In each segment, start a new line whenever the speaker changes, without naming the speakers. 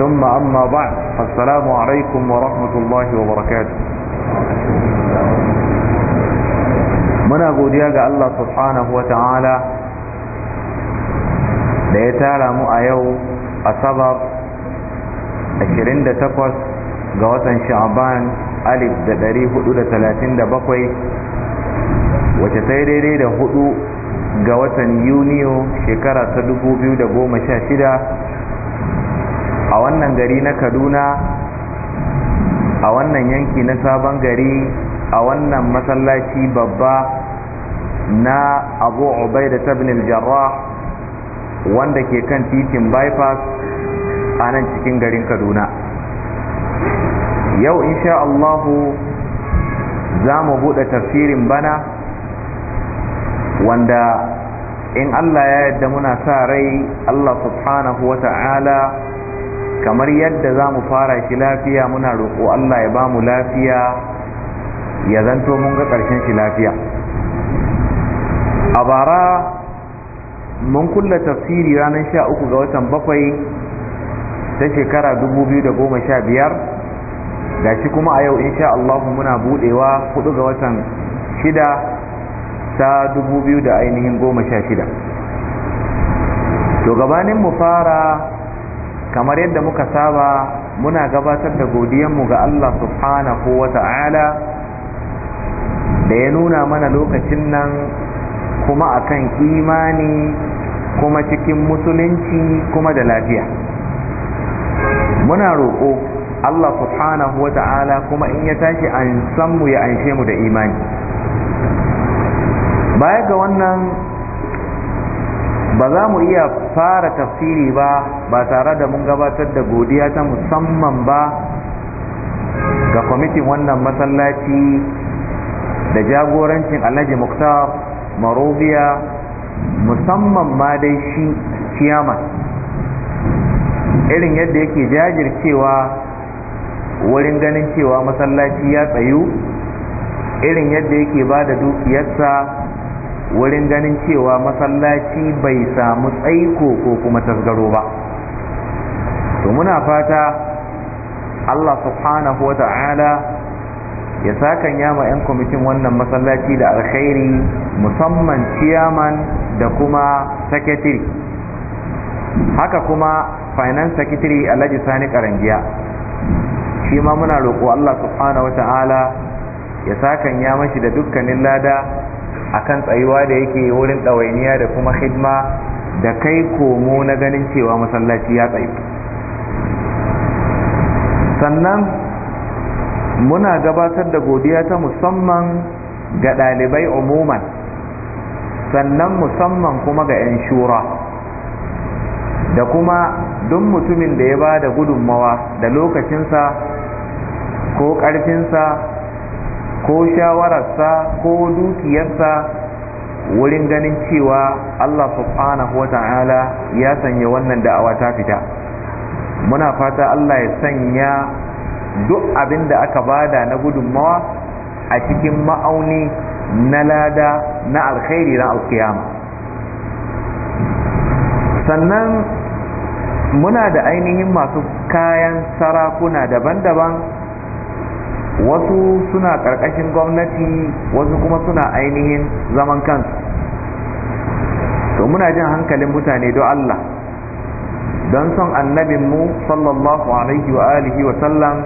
ثم أما بعد فالسلام عليكم ورحمة الله وبركاته muna godiya ga Allah subhanahu wa ta'ala da ya tara mu a yau da 28 ga watan sha'ban alif da bakwai. wace sai daidai da hudu ga watan yuniyo shekara ta shida. a wannan gari na kaduna a wannan yanki na sabon gari a wannan masallaci babba na abu obai da tabinil wanda ke kan titin bypass a nan cikin garin kaduna yau insha allahu za mu buɗe tafsirin bana wanda in allah ya yadda muna sa rai allah subhanahu wa ta'ala kamar yadda za mu fara shi lafiya muna roƙo Allah ya ba mu lafiya ya zanto mun ga ƙarshen shi lafiya a bara mun kulla tafsiri ranar sha uku ga watan bakwai ta shekara dubu biyu da goma sha biyar da shi kuma a yau insha Allah muna buɗewa hudu ga watan shida ta dubu biyu da ainihin goma sha shida to gabanin mu fara kamar yadda muka saba muna gabatar da godiyanmu ga Allah subhanahu wa ta'ala da ya nuna mana lokacin nan kuma akan imani kuma cikin musulunci kuma da lafiya muna roƙo Allah subhanahu wa ta'ala kuma in ya tashi an san mu ya anshe mu da imani baya ga wannan ba za mu iya fara tafsiri ba ba tare da mun gabatar da godiya ta musamman ba ga kwamitin wannan masallaci da jagorancin alhaji muktar marobiya musamman ma dai shi kiyama irin yadda yake jajircewa wurin ganin cewa masallaci ya tsayu irin yadda yake ba da dukiyarsa wurin ganin cewa masallaci bai samu tsaiko ko kuma tasgaro ba to muna fata Allah subhanahu wa ta'ala ya sakan yama 'yan kwamitin wannan masallaci da alkhairi musamman ciyaman da kuma secretary haka kuma finance secretary alhaji sani karangiya shi ma muna roƙo Allah subhanahu wa ta'ala ya sakan ya mashi da dukkanin lada akan tsayuwa da yake wurin ɗawainiya da kuma hidima da kai komo na ganin cewa masallaci ya tsayu sannan muna gabatar da godiya ta musamman ga ɗalibai umuman sannan musamman kuma ga 'yan shura da kuma duk mutumin da ya ba da gudunmawa da lokacinsa ko ƙarfinsa ko shawararsa ko dukiyarsa wurin ganin cewa Allah subhanahu wa ta'ala ya sanya wannan da'awa ta fita muna fata Allah ya sanya duk abin da aka bada na gudunmawa a cikin ma'auni na lada na alkhairi na alkiyama sannan muna da ainihin masu kayan sarakuna daban-daban wasu suna ƙarƙashin gwamnati wasu kuma suna ainihin zaman kansu to muna jin hankalin mutane don Allah don son annabinmu sallallahu alaihi wa alihi wa sallam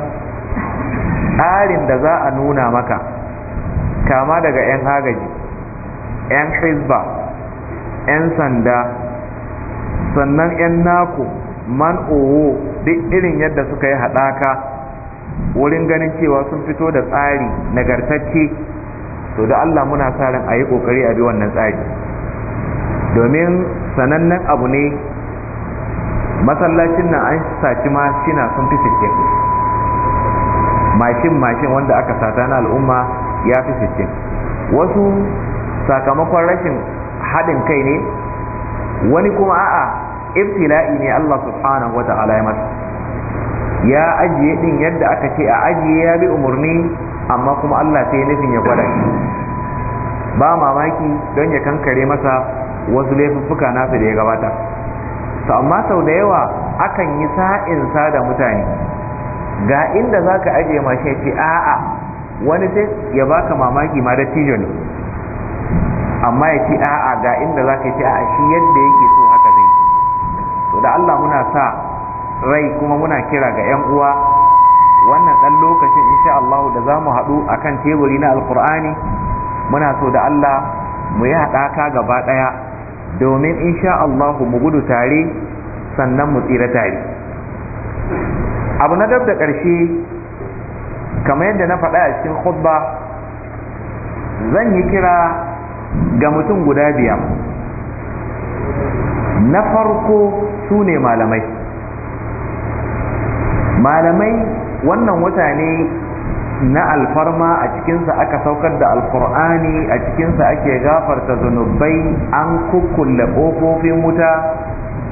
tsarin da za a nuna maka kama daga 'yan agaji 'yan hizba 'yan sanda sannan 'yan naku, man owo duk irin yadda suka yi haɗaka wurin ganin cewa sun fito da tsari nagartacce to da Allah muna sa ran a yi kokari a bi wannan tsari domin sanannen abu ne masallacin nan an saci shina sun fi sittin mashin mashin wanda aka sata na al'umma ya fi sittin wasu sakamakon rashin haɗin kai ne wani kuma a'a ibtila'i ne Allah subhanahu wa ya masa ya ajiye din yadda aka ce a ajiye ya bi umarni amma kuma Allah sai nufin ya gwada shi ba mamaki don ya kankare masa wasu laifuffuka nasa da ya gabata to amma sau da yawa akan yi sa'in sa da mutane ga inda za ka ajiye mashi ya ce a'a wani sai ya baka mamaki ma da tijon ne amma ya ce a'a ga inda za ka ce a'a shi yadda yake so haka zai to da Allah muna sa rai kuma muna kira ga 'yan uwa wannan ɗan lokacin insha Allah da za mu haɗu a kan teburi na alkur'ani muna so da Allah mu yi haɗaka gaba ɗaya domin insha Allah mu gudu tare sannan mu tsira tare abu na gab da ƙarshe kamar yadda na faɗa a cikin khutba zan yi kira ga mutum guda biyar na farko su ne malamai malamai wannan wata ne na alfarma a cikinsa aka saukar da alkur'ani a cikinsa ake gafarta zunubai an kukkulle ƙofofin wuta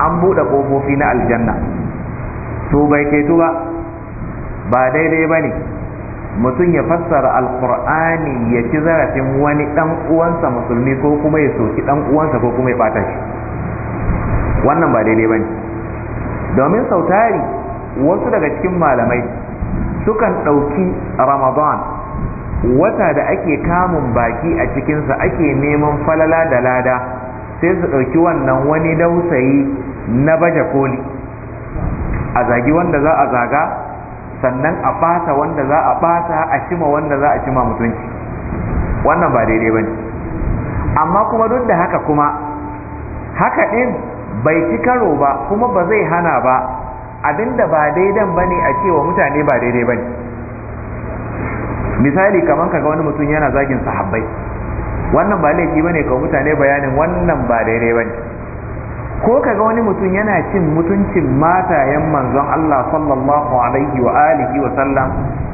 an buɗe ƙofofi na aljanna to bai kaitu ba ba daidai ba ne mutum ya fassara alkur'ani ya ci zarafin wani ɗan uwansa musulmi ko kuma ya soki ɗan uwansa ko kuma ya ɓata shi wannan ba daidai ba ne domin sautari wasu daga cikin malamai sukan ɗauki ramadan wata da ake kamun baki a cikinsa ake neman falala da lada sai su ɗauki wannan wani lausayi na baje koli a zagi wanda za a zaga sannan a ɓata wanda za a ɓata a shima wanda za a shima mutunci wannan ba daidai ba ne amma kuma duk da haka kuma haka ɗin bai ci karo ba kuma ba zai hana ba abinda ba daidan ba ne a cewa mutane ba daidai ba ne. misali kamar kaga wani mutum yana zagin sahabbai wannan ba laifi ba ne ka mutane bayanin wannan ba daidai ba ne. ko kaga wani mutum yana cin mutuncin matayen manzon Allah sallallahu alaihi wa alihi wa sallam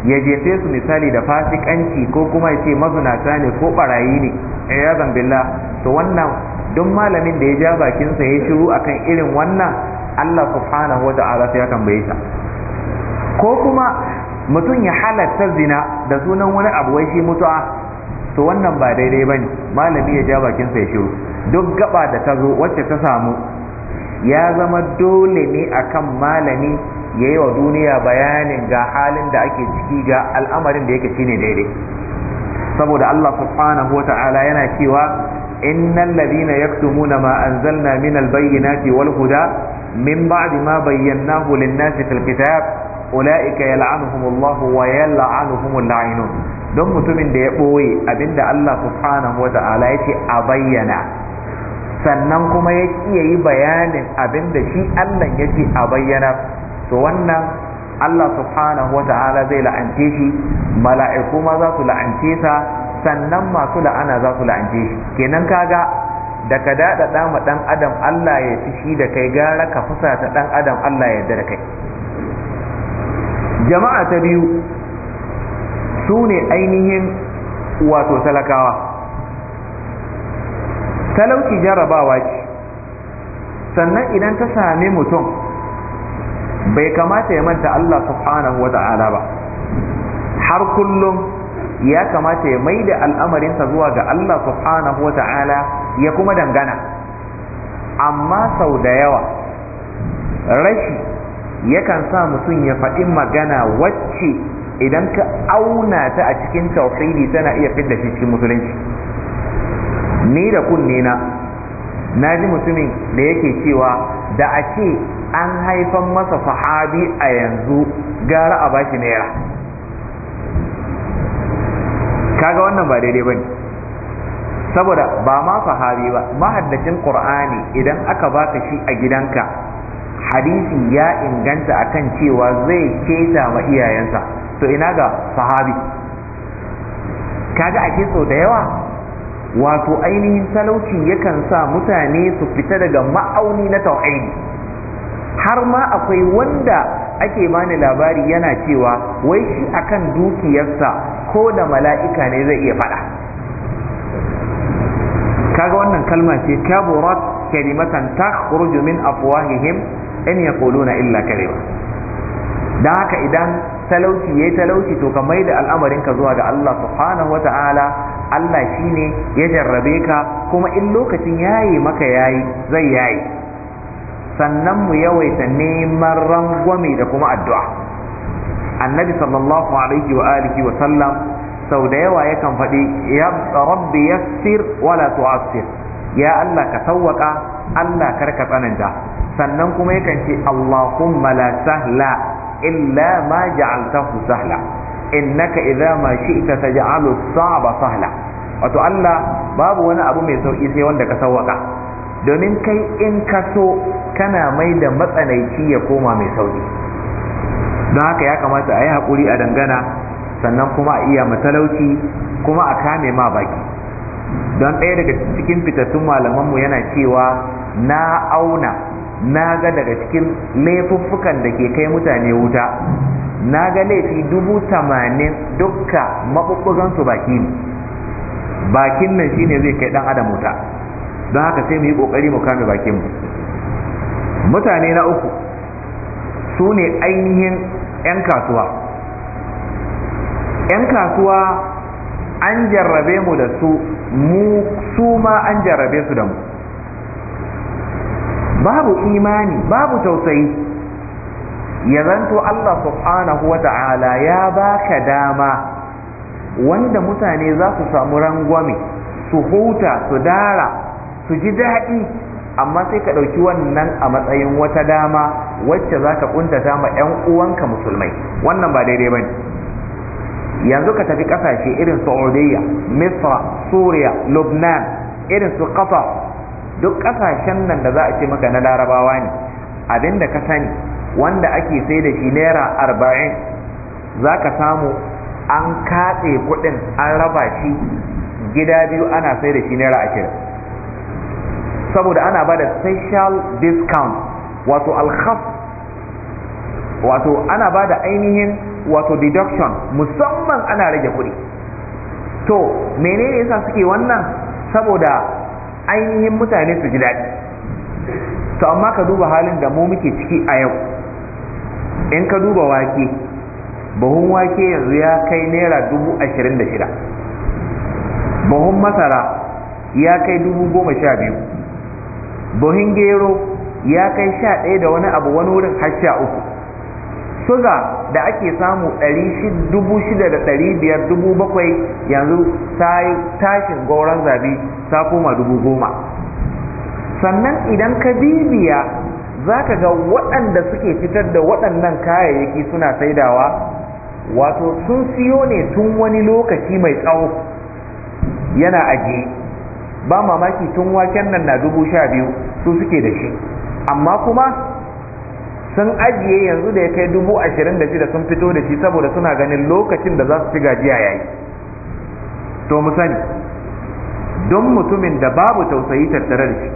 ya jefe su misali da fasikanci ko kuma ya ce mazunata ne ko barayi ne ya zambilla to wannan don malamin da ya ja bakinsa ya shiru akan irin wannan Allah subhanahu wa ta'ala sai ya tambaye ta ko kuma mutum ya halatta zina da sunan wani abu wai shi mutu'a to wannan ba daidai bane malami ya ja bakin sa ya shiru duk gaba da ta zo wacce ta samu ya zama dole ne akan malami ya yi wa duniya bayanin ga halin da ake ciki ga al'amarin da yake shine daidai saboda Allah subhanahu wa ta'ala yana cewa innal ladina yaktumuna ma anzalna min bayyinati wal huda من بعد ما بيناه للناس في الكتاب أولئك يلعنهم الله ويلعنهم اللعينون don mutumin da ya ɓoye abinda Allah subhanahu wa ta'ala sannan kuma ya iya yi bayanin abinda shi Allah ya ce a bayyana to wannan Allah subhanahu wa ta'ala zai la'ance shi mala'iku ma za su la'ance sa sannan masu la'ana za su la'ance shi kenan kaga da ka daɗaɗa ma ɗan adam Allah ya ci shi da kai gara ka fusa ta ɗan adam Allah ya da kai jama'a ta biyu su ne ainihin wato talakawa talauci jarabawa ce sannan idan ta sami mutum bai kamata ya manta Allah subhanahu wa ba har kullum ya kamata ya maida al'amarinsa zuwa ga Allah subhanahu wa ya kuma dangana amma sau da yawa rashi yakan sa mutum ya faɗi magana wacce idan ka auna ta a cikin tauhidi tana iya fidda shi cikin musulunci ni da kunne na na ji mutumin da yake cewa da a ce an haifan masa sahabi a yanzu gara a bashi naira kaga wannan ba daidai ba ne. saboda ba ma fahari ba mahaddacin qur'ani idan aka baka shi a gidanka hadisi ya inganta akan cewa zai keta ma iyayensa to ina ga sahabi kaga ake so da yawa wato ainihin talauci yakan sa mutane su fita daga ma'auni na tauhidi har ma akwai wanda ake bani labari yana cewa wai shi akan dukiyarsa ko da mala'ika ne zai iya faɗa kaga wannan kalma ce kaburat kalimatan takhruju min afwahihim in yaquluna illa kadhiba dan haka idan talauci yayi talauci to ka maida al'amarin ka zuwa ga Allah subhanahu wata'ala Allah shine ya jarrabe ka kuma in lokacin yayi maka yayi zai yayi sannan mu yawaita neman rangwame da kuma addu'a annabi sallallahu alaihi wa alihi wa sallam sau da yawa yakan faɗi ya rabbi yassir wala tu'assir ya Allah ka sawwaka Allah kar ka tsananta sannan kuma yakan ce Allahumma la sahla illa ma ja'altahu sahla innaka idza ma shi'ta taj'alu as-sa'ba sahla wato Allah babu wani abu mai sauki sai wanda ka sawwaka domin kai in ka so kana mai da matsanaici ya koma mai sauki don haka ya kamata a yi haƙuri a dangana sannan kuma a iya matalauci kuma a kame ma baki don ɗaya daga cikin fitattun malamanmu yana cewa na auna na ga daga cikin laifuffukan da ke kai mutane wuta na ga laifi dubu tamanin dukka maɓuɓɓugansu baki ne bakin nan shine zai kai ɗan adam wuta don haka sai mu yi ƙoƙari mu kame bakinmu mutane na uku su ne ainihin 'yan kasuwa 'yan kasuwa an jarrabe mu da su mu su ma an jarrabe su da mu babu imani babu tausayi ya zanto Allah subhanahu wa ta'ala ya baka dama wanda mutane za su samu rangwame su huta su dara su ji daɗi amma sai ka ɗauki wannan a matsayin wata dama wacce za ka ƙuntata ma 'yan uwanka musulmai wannan ba daidai ba ne yanzu ka tafi kasashe irin saudiya misra suriya lubnan irin su qatar duk kasashen nan da za a ce maka na larabawa ne abinda ka sani wanda ake sai da shi naira arba'in za ka samu an katse kudin an raba shi gida biyu ana sai da shi naira ashirin saboda ana ba da special discount wato alkhaf wato ana ba da ainihin wato deduction musamman ana rage kuɗi to menene yasa suke wannan saboda ainihin mutane su ji daɗi to amma ka duba halin da mu muke ciki a yau in ka duba wake buhun wake yanzu ya kai naira dubu ashirin da shida buhun masara ya kai dubu goma sha biyu buhun gero ya kai sha ɗaya da wani abu wani wurin har sha uku suga da ake samu bakwai yanzu ta yi tashin gauran zabi ta koma goma. sannan idan ka bibiya za ka ga waɗanda suke fitar da waɗannan kayayyaki suna saidawa wato sun siyo ne tun wani lokaci mai tsawo yana ajiye ba mamaki tun waken nan na dubu sha biyu su suke da shi amma kuma sun ajiye yanzu da ya kai dubu ashirin da shida sun fito da shi saboda suna ganin lokacin da za su ci gajiya ya yi. to mu sani don mutumin da babu tausayi tattare da shi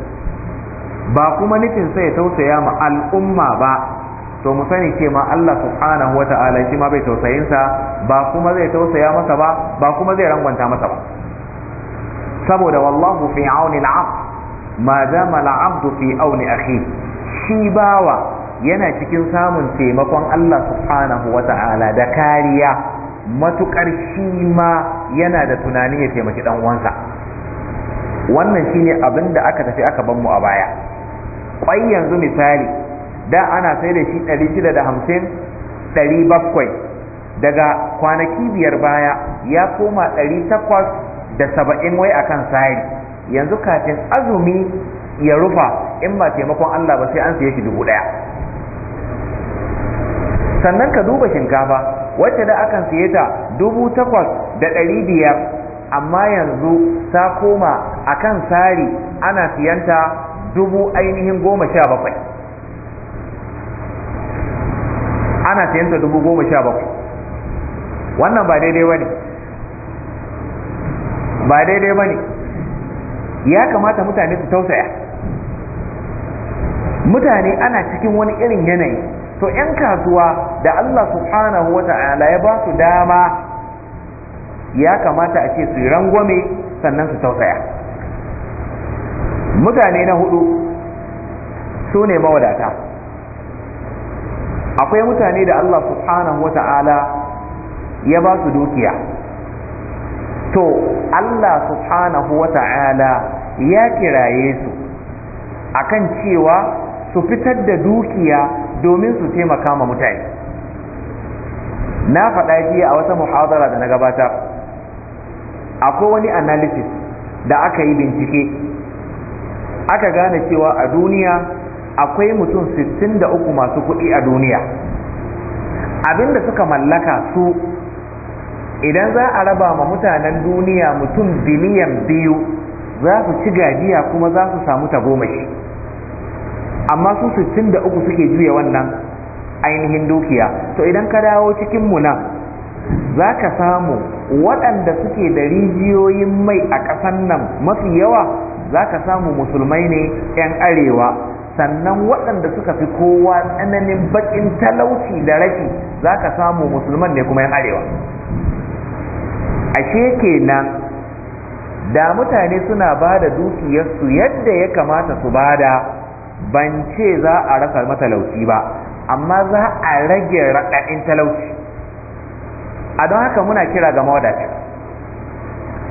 ba kuma nufin sai ya tausaya ma al'umma ba to mu sani ce ma Allah subhanahu wa ta'ala shi ma bai tausayinsa ba kuma zai tausaya masa ba ba kuma zai rangwanta masa ba saboda wallahu fi auni al'abd ma dama al'abd fi auni akhi shi bawa yana cikin samun taimakon Allah subhanahu wa ta'ala da kariya matuƙar shi ma yana da tunanin ya taimaki ɗan uwansa wannan shine abin da aka tafi aka ban a baya Ƙwai yanzu misali da ana sai da shi 650 bakwai, daga kwanaki biyar baya ya koma ɗari da saba'in wai akan sari yanzu kafin azumi ya rufa in ba taimakon Allah ba sai an saye shi dubu ɗaya. sannan ka duba shinkafa wacce da akan siye ta dubu takwas da ɗari biyar amma yanzu ta koma a kan sari ana siyanta dubu ainihin goma sha bakwai ana siyanta dubu goma sha bakwai wannan ba daidai ba ne ba daidai ba ne ya kamata mutane su tausaya mutane ana cikin wani irin yanayi to 'yan kasuwa da Allah subhanahu ta'ala ya ba su dama ya kamata a ce su yi rangwame sannan su tausaya mutane na hudu su ne mawadata akwai mutane da Allah subhanahu ta'ala ya ba su dukiya to Allah subhanahu ta'ala ya kiraye su akan cewa su fitar da dukiya domin su taimaka ma mutane na faɗa jiya a wata muhadara da na gabata. akwai wani analysis da aka yi bincike aka gane cewa a duniya akwai mutum sittin da uku masu kuɗi a duniya abinda suka mallaka su idan za a raba ma mutanen duniya mutum biliyan biyu za su ci gajiya kuma za su samu tagomashi amma su da uku suke juya wannan ainihin dukiya to idan ka dawo cikin mu nan za ka samu waɗanda suke da rijiyoyin mai a ƙasan nan mafi yawa za ka samu musulmai ne 'yan arewa sannan waɗanda suka fi kowa tsananin baƙin talauci da rashi za ka samu musulman ne kuma 'yan arewa ashe kenan da mutane suna ba da dukiyarsu yadda ya kamata su bada ban ce za a rasa matalauci ba amma za a rage raɗaɗin talauci a don haka muna kira ga mawadata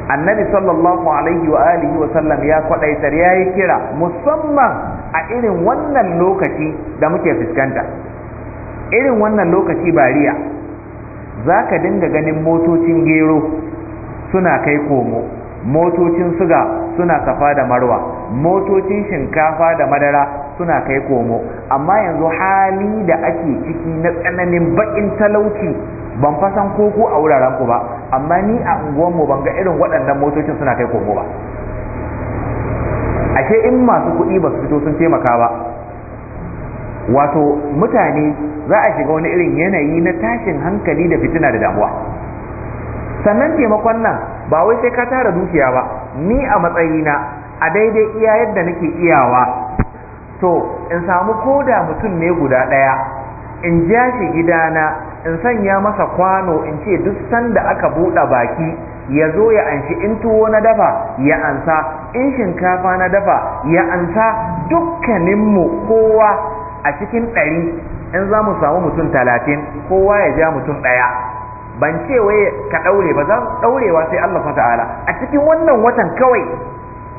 annabi sallallahu alaihi wa alihi wa sallam ya kwadaitar ya yi kira musamman a irin wannan lokaci da muke fuskanta irin wannan lokaci bariya za ka dinga ganin motocin gero suna kai komo motocin suga suna kafa da marwa motocin shinkafa da madara suna kai komo amma yanzu hali da ake ciki na tsananin baƙin talauci ban fasan ko a wuraren ku ba amma ni a unguwanmu ban ga irin waɗannan motocin suna kai komo ba ashe in masu kuɗi ba su fito sun taimaka ba wato mutane za a shiga wani irin yanayi na tashin hankali da fitina da damuwa sannan taimakon nan ba wai sai ka tara dukiya ba ni a matsayina a daidai iya yadda nake iyawa to in samu koda mutum ne guda ɗaya in ja shi gidana in sanya masa kwano in ce duk sanda aka buɗe baki ya zo ya anshi in tuwo na dafa ya ansa in shinkafa na dafa ya ansa dukkaninmu kowa a cikin ɗari in za mu samu mutum talatin kowa ya ja mutum ɗaya ban ce wai ka ɗaure ba za ɗaurewa sai Allah ta'ala a cikin wannan watan kawai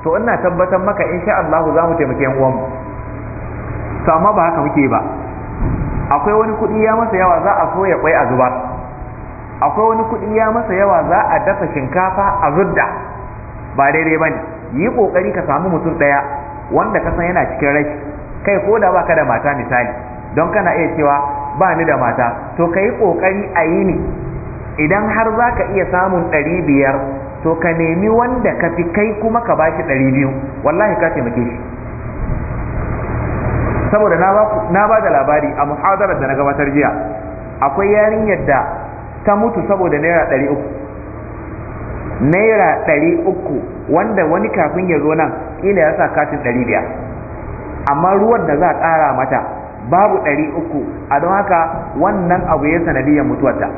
to ina tabbatar maka insha Allah za mu taimake yan uwanmu Sama amma ba haka muke ba akwai wani kuɗi ya masa yawa za a soya kwai a zuba. akwai wani kuɗi ya masa yawa za a dafa shinkafa a zudda ba daidai ba ne. yi ƙoƙari ka samu mutum ɗaya wanda ka san yana cikin rashi kai ko da baka da mata misali don kana iya cewa ba ni da mata to ka yi kokari a yi ni idan har za ka iya samun ɗari biyar to ka nemi wanda ka fi kai kuma ka bashi ɗari biyu wallahi ka taimake shi saboda na ba da labari a muhadarar da na gabatar jiya akwai yarinyar da ta mutu saboda naira ɗari uku naira ɗari uku wanda wani kafin ya zo nan ila ya sa katin ɗari biyar amma ruwan da za a ƙara mata babu ɗari uku a don haka wannan abu ya sanadiyar mutuwarta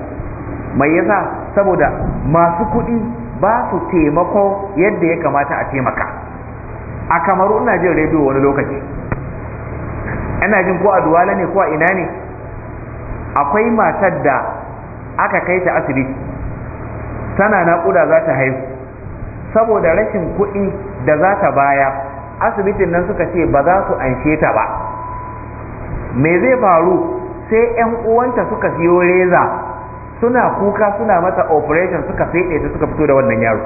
mai yasa saboda masu kuɗi ba su taimako yadda ya kamata a taimaka a kamaru ina jin rediyo wani lokaci ina jin ko a duwala ne ko a ina ne akwai matar da aka kai ta asibiti tana naƙuda za ta haihu saboda rashin kuɗi da za ta baya asibitin nan suka ce ba za su anshe ta ba me zai faru sai 'yan uwanta suka siyo reza suna kuka suna mata operation suka feɗe ta suka fito da wannan yaro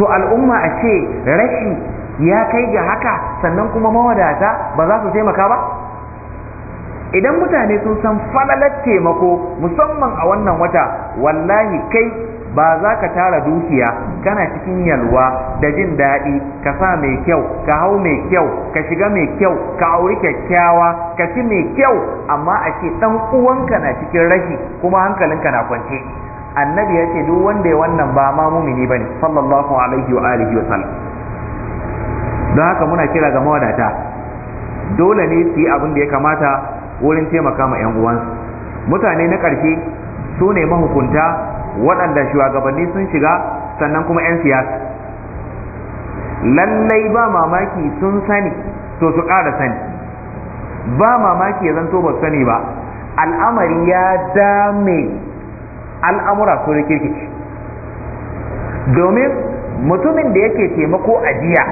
to al'umma a ce rashin. ya kai ga haka sannan kuma mawadata ba za su taimaka ba idan mutane sun san falalar taimako musamman a wannan wata wallahi kai ba za ka tara dukiya kana cikin yalwa da jin daɗi ka sa mai kyau ka hau mai kyau ka shiga mai kyau ka auri kyakkyawa ka ci mai kyau amma a ce ɗan uwanka na cikin rashi kuma hankalinka na kwance annabi ya ce duk wanda ya wannan ba ma mumini ne sallallahu alaihi wa alihi wa sallam don haka muna kira ga mawadata dole ne su yi abin da ya kamata wurin taimaka ma 'yan uwansu mutane na ƙarshe su ne mahukunta waɗanda shugabanni sun shiga sannan kuma 'yan siyasa lallai ba mamaki sun sani to su ƙara sani ba mamaki ya zanto ba sani ba al'amari ya dame al'amura su rikirkici domin mutumin da yake taimako a jiya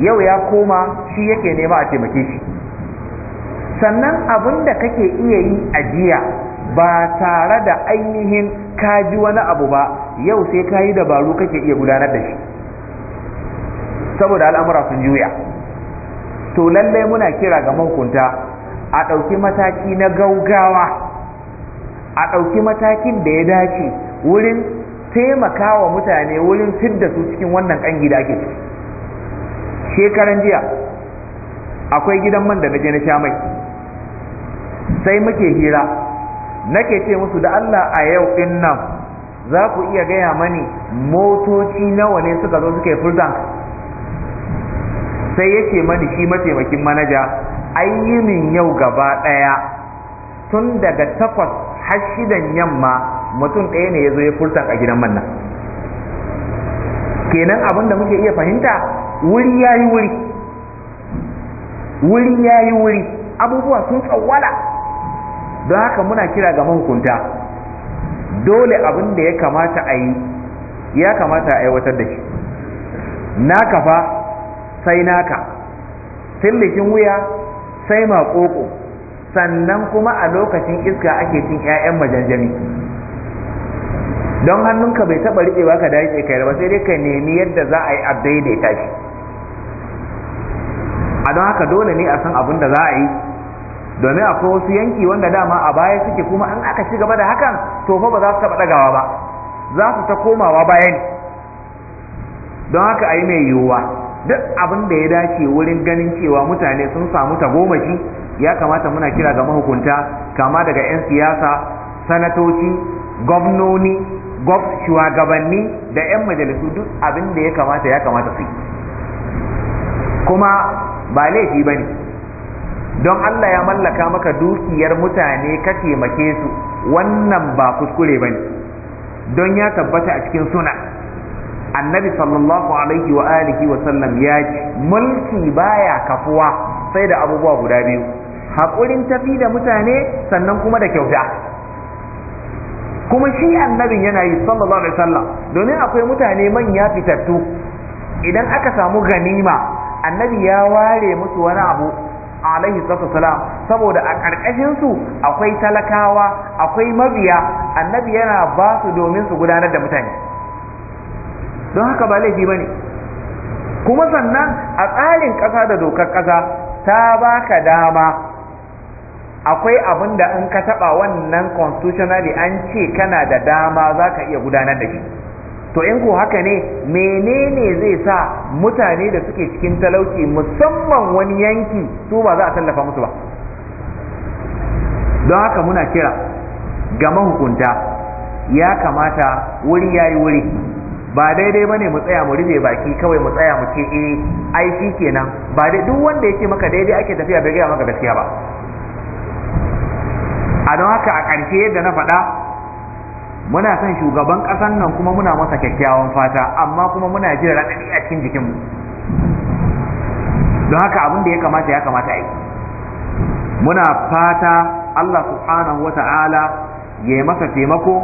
yau ya koma shi yake nema a taimake shi sannan abin da kake iya yi a jiya ba tare da ainihin kaji wani abu ba yau sai ka yi dabaru kake iya gudanar da shi saboda al'amura sun juya to lallai muna kira ga mahukunta a ɗauki mataki na gaugawa a ɗauki matakin da ya dace wurin taimaka wa mutane wurin fidda su cikin wannan ƙangi da ake ciki shekaran jiya akwai gidan man da na je na sha mai sai muke hira nake ce musu da Allah a yau din nan za ku iya gaya mani motoci nawa ne suka zo suka yi sai yake mani shi mataimakin manaja ayyumin yau gaba ɗaya tun daga takwas har shidan yamma mutum ɗaya ne ya zo ya furta a gidan manna kenan abin da muke iya fahimta wuri ya yi wuri wuri ya yi wuri abubuwa sun tsawala. don haka muna kira ga mahukunta dole abin da ya kamata a yi ya kamata a aiwatar da shi naka fa sai naka tillikin wuya sai maƙoƙo sannan kuma a lokacin iska ake cin 'ya'yan majanjami. don hannunka bai taɓa riƙe ba ka dace kai ba sai dai ka nemi yadda za a yi a daidaita shi a don haka dole ne a san abin da za a yi domin akwai wasu yanki wanda dama a baya suke kuma an aka ci gaba da hakan to fa ba za su taɓa ɗagawa ba za su ta komawa bayan? don haka a yi mai yiwuwa duk abin da ya dace wurin ganin cewa mutane sun samu tagomashi ya kamata muna kira ga mahukunta kama daga 'yan siyasa sanatoci gwamnoni shugabanni da 'yan majalisu duk abin da ya kamata ya kamata su kuma ba laifi ba ne don Allah ya mallaka maka dukiyar mutane ka taimake su wannan ba kuskure ba ne don ya tabbata a cikin suna annabi sallallahu alaihi wa alihi wa sallam ya ce mulki baya kafuwa sai da abubuwa guda biyu haƙurin tafi da mutane sannan kuma da kyauta kuma shi annabin yana yi sallallahu alaihi sallam, domin akwai mutane manya fitattu idan aka samu ganima annabi ya ware musu wani abu alaihi salam saboda a ƙarƙashin su akwai talakawa akwai mabiya annabi yana ba su domin su gudanar da mutane don haka ba laifi bane kuma sannan a tsarin ƙasa da dokar ƙasa ta baka dama akwai abin da in ka taɓa wannan constitutionally an ce kana da dama za ka iya gudanar da shi to in ko haka ne menene zai sa mutane da suke cikin talauci musamman wani yanki su ba za a tallafa musu ba don haka muna kira ga mahukunta ya kamata wuri yayi wuri ba daidai bane mu tsaya mu rufe baki kawai mu tsaya mu ce eh ai shi kenan ba dai duk wanda yake maka daidai ake tafiya bai gaya maka gaskiya ba a don haka a ƙarshe yadda na faɗa muna son shugaban ƙasan nan kuma muna masa kyakkyawan fata amma kuma muna jin raɗaɗi a cikin jikinmu don haka abin da ya kamata ya kamata yi muna fata Allah subhanahu wa ya yi masa taimako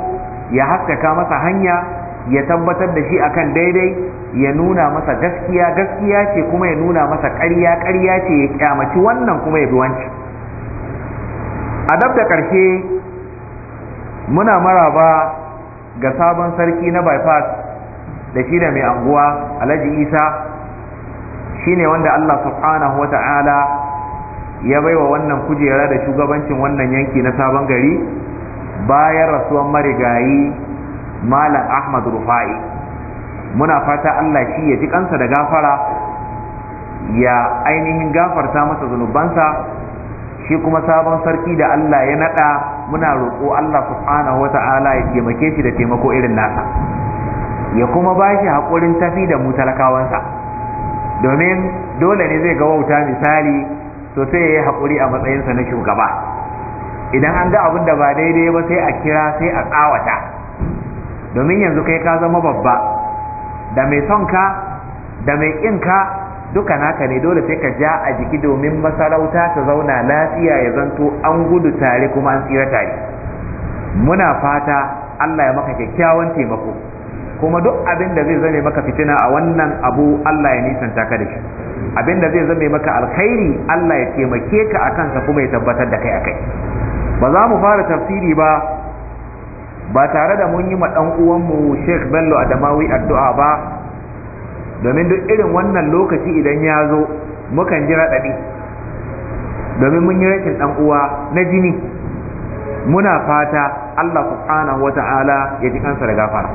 ya haskaka masa hanya ya tabbatar da shi akan daidai ya nuna masa gaskiya gaskiya ce kuma ya nuna masa ƙarya ƙarya ce ya kyamaci wannan kuma ya bi wanci a dab da ƙarshe muna maraba ga sabon sarki na bypass da shi da mai anguwa alhaji isa shine wanda allah subhanahu wa ta'ala ya baiwa wannan kujera da shugabancin wannan yanki na sabon gari bayan rasuwan marigayi malam ahmad rufa'i muna fata allah shi ya ji kansa da gafara ya ainihin gafarta masa zunubansa shi kuma sabon sarki da allah ya nada muna roƙo Allah subhanahu ta'ala ya taimake shi da taimako irin nasa ya kuma ba shi haƙurin tafi da mu talakawansa domin dole ne zai ga wauta misali to sai ya yi haƙuri a matsayinsa na shugaba idan an ga abin da ba daidai ba sai a kira sai a tsawata domin yanzu kai ka zama babba da mai son ka da mai ƙin ka duka naka ne dole sai ka ja a jiki domin masarauta ta zauna lafiya ya zanto an gudu tare kuma an tsira tare muna fata Allah ya maka kyakkyawan taimako kuma duk abin da zai zame maka fitina a wannan abu Allah ya nisanta ka da shi abin da zai zame maka alkhairi Allah ya taimake ka a kansa kuma ya tabbatar da kai a kai ba za mu fara tafsiri ba ba tare da mun yi ma ɗan uwanmu Sheikh Bello Adamawi addu'a ba domin duk irin wannan lokaci idan ya zo mukan ji raɗaɗi domin mun yi rashin ɗan uwa na jini muna fata Allah subhanahu wa ta'ala ya ji kansa da gafara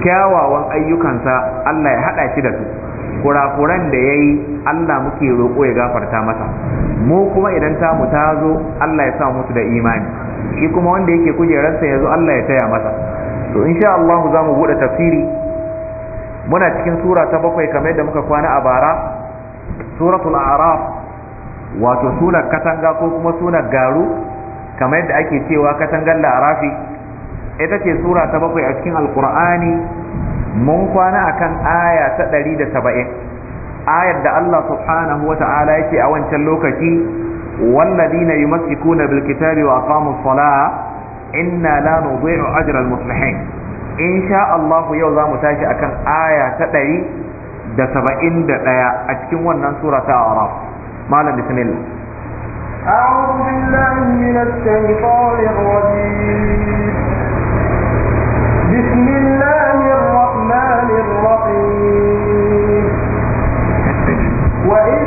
kyawawan ayyukansa Allah ya haɗa shi da su kurakuran da ya yi Allah muke roƙo ya gafarta masa mu kuma idan ta mu ta zo Allah ya sa mutu da imani shi kuma wanda yake kujerarsa ya zo Allah ya taya masa to insha Allah za mu buɗe tafsiri muna cikin sura ta bakwai kamar yadda muka kwana a bara suratul araf wato sunan katanga ko kuma sunan garu kamar yadda ake cewa katangar larafi ita ce sura ta bakwai a cikin alkur'ani mun kwana akan aya ta ɗari da saba'in ayar da Allah subhanahu wa ta'ala yake a wancan lokaci walladina na bil kitabi wa aqamu salah inna la nudhi'u muslihin in sha Allah yau za mu tashi akan aya ta ɗari da saba'in da ɗaya a cikin wannan sura ta araf malam bismillah
أعوذ بالله من الشيطان الرجيم بسم الله الرحمن الرحيم وإذ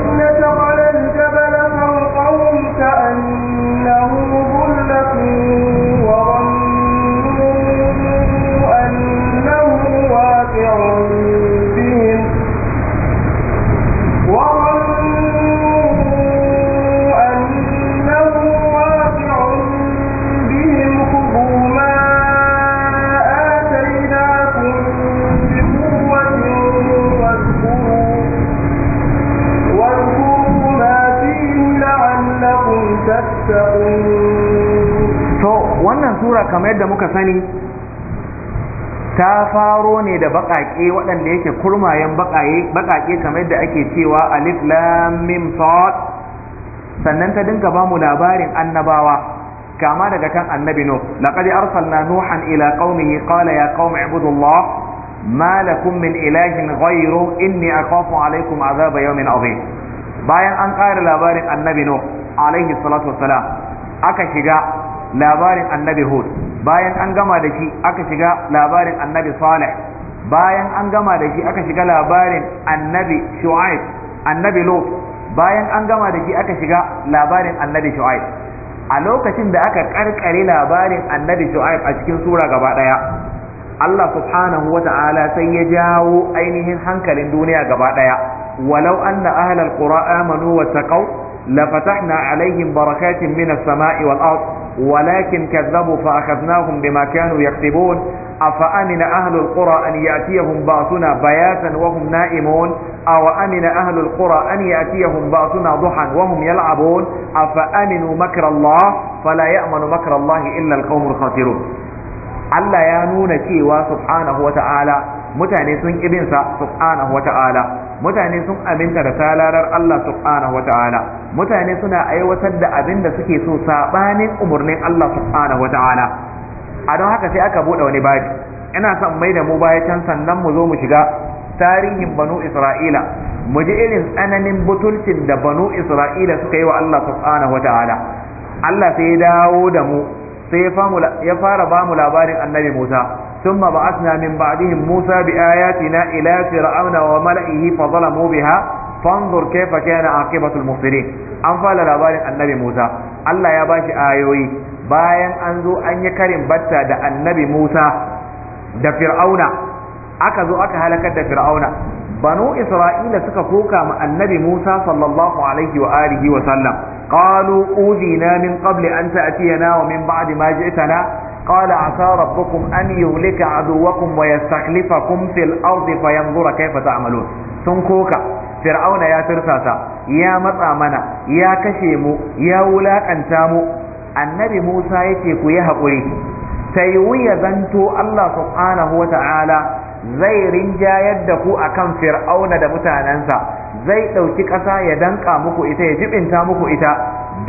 sura kamar yadda muka sani ta faro ne da baƙaƙe waɗanda yake kurmayen baƙaƙe kamar yadda ake cewa alif lam mim sad sannan ta dinka ba mu labarin annabawa kama daga kan annabi nuh laqad arsalna nuhan ila qaumihi qala ya qaumi ibudullah ma lakum min ilahin ghayru inni akhafu alaykum azaba yawmin adhim bayan an ƙara labarin annabi nuh alaihi salatu wassalam aka shiga labarin annabi hud bayan an gama da shi aka shiga labarin annabi salih bayan an gama da shi aka shiga labarin annabi shu'aib annabi lut bayan an gama da shi aka shiga labarin annabi shu'aib a lokacin da aka karkare labarin annabi shu'aib a cikin sura gaba daya Allah subhanahu wa ta'ala sai ya jawo ainihin hankalin duniya gaba daya walau anna ahlal qura amanu wa taqaw la alaihim barakatin minas sama'i wal ard ولكن كذبوا فأخذناهم بما كانوا يكتبون أفأمن أهل القرى أن يأتيهم بأسنا بياتا وهم نائمون أو أمن أهل القرى أن يأتيهم بأسنا ضحى وهم يلعبون أفأمنوا مكر الله فلا يأمن مكر الله إلا القوم الخاسرون ألا يانون كيوا سبحانه وتعالى wa ابن سبحانه وتعالى mutane sun aminta da talarar Allah subhanahu wata'ala mutane suna aiwatar da abin da suke so sabanin umarnin Allah subhanahu wata'ala a don haka sai aka buɗe wani babi ina son mai da mu baya can sannan mu zo mu shiga tarihin banu isra'ila mu ji irin tsananin butulcin da banu isra'ila suka yi wa Allah subhanahu wata'ala Allah sai ya dawo da mu sai ya fara ba mu labarin annabi Musa ثم بعثنا من بعدهم موسى بآياتنا إلى فرعون وملئه فظلموا بها فانظر كيف كان عاقبة المفسدين an fara labarin annabi Musa Allah ya ba shi ayoyi bayan an zo an yi karin batta da annabi Musa da Fir'auna aka zo aka halakar da Fir'auna banu Isra'ila suka koka ma annabi Musa sallallahu alaihi wa alihi wa sallam qalu udina min qabli an ta'tiyana wa min ba'di ma ji'tana قال عسى ربكم أن يهلك عدوكم ويستخلفكم في الأرض فينظر كيف تعملون سنكوكا فرعون يا ترساسا يا مطامنا يا كشيمو يا ولاك أنتامو النبي موسى يتيكو يهقري سيوي زنتو الله سبحانه وتعالى zai rinjayar da ku akan fir'auna da mutanensa zai ɗauki ƙasa ya danka muku ita ya jibinta muku ita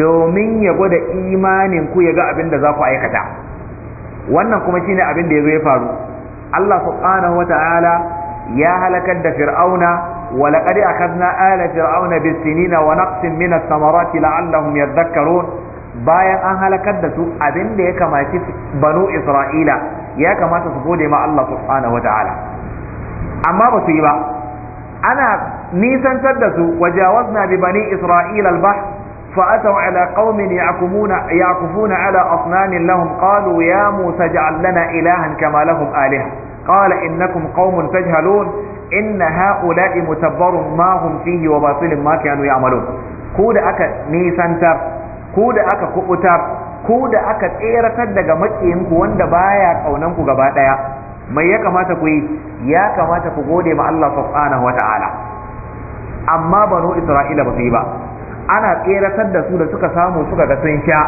domin ya gwada imanin ku ya ga abin da za ku aikata wannan kuma shine abin da zo ya faru Allah subhanahu wata'ala ya halakar da fir'auna wa laqad akhadna ala fir'auna bis-sinina wa naqsin min ath-thamarati la'allahum yadhakkarun bayan an halakar da su abin da ya kamaci banu Isra'ila ya kamata su gode ma Allah subhanahu wata'ala amma ba su yi ba ana nisantar da su wajawazna bi bani Isra'ila al-bahr فأتوا على قوم يعكفون, يعكفون على أصنام لهم قالوا يا موسى اجعل لنا إلها كما لهم آلهة قال إنكم قوم تجهلون إن هؤلاء متبر ما هم فيه وباطل ما كانوا يعملون كود أكا نيسانتر كود أكا كؤتر كود أكا tseratar daga makiyinku wanda baya kaunanku gaba daya mai ya kamata ku yi ya kamata ku gode ma Allah subhanahu wataala amma banu Isra'ila ba su yi ba ana tseratar da su da suka samu suka ga sun sha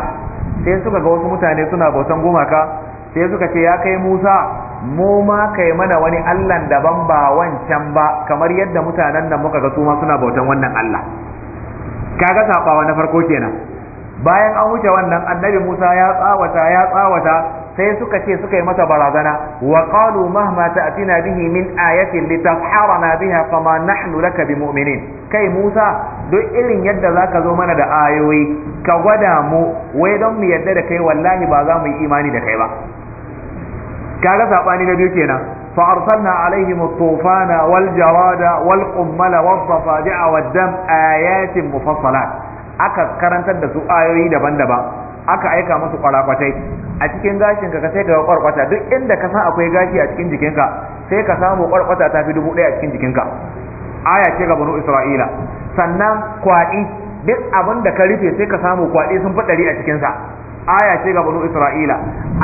sai suka ga wasu mutane suna bautan gumaka sai suka ce ya kai musa mu ma kai mana wani allan daban ba wancan ba kamar yadda mutanen nan muka ga su ma suna bautan wannan allah kaga saɓawa na farko kenan bayan an wuce wannan annabi musa ya tsawata ya tsawata sai suka ce suka yi masa barazana wa qalu mahma ta'tina bihi min ayatin litasharana biha fama nahnu laka bimu'minin kai Musa duk irin yadda zaka zo mana da ayoyi ka gwada mu wai don mu yadda da kai wallahi ba za mu yi imani da kai ba kaga sabani na biyu kenan fa arsalna alaihim at-tufana wal jawada wal qummala wad dafadi'a wad dam ayatin mufassalat aka karantar da su ayoyi daban-daban aka aika musu kwarakwatai a cikin gashin ka sai ka ga kwarkwata duk inda ka san akwai gashi a cikin jikinka sai ka samu kwarkwata ta fi dubu ɗaya a cikin jikinka aya ce ga banu isra'ila sannan kwaɗi duk abin da ka rufe sai ka samu kwaɗi sun fi ɗari a cikinsa aya ce ga banu isra'ila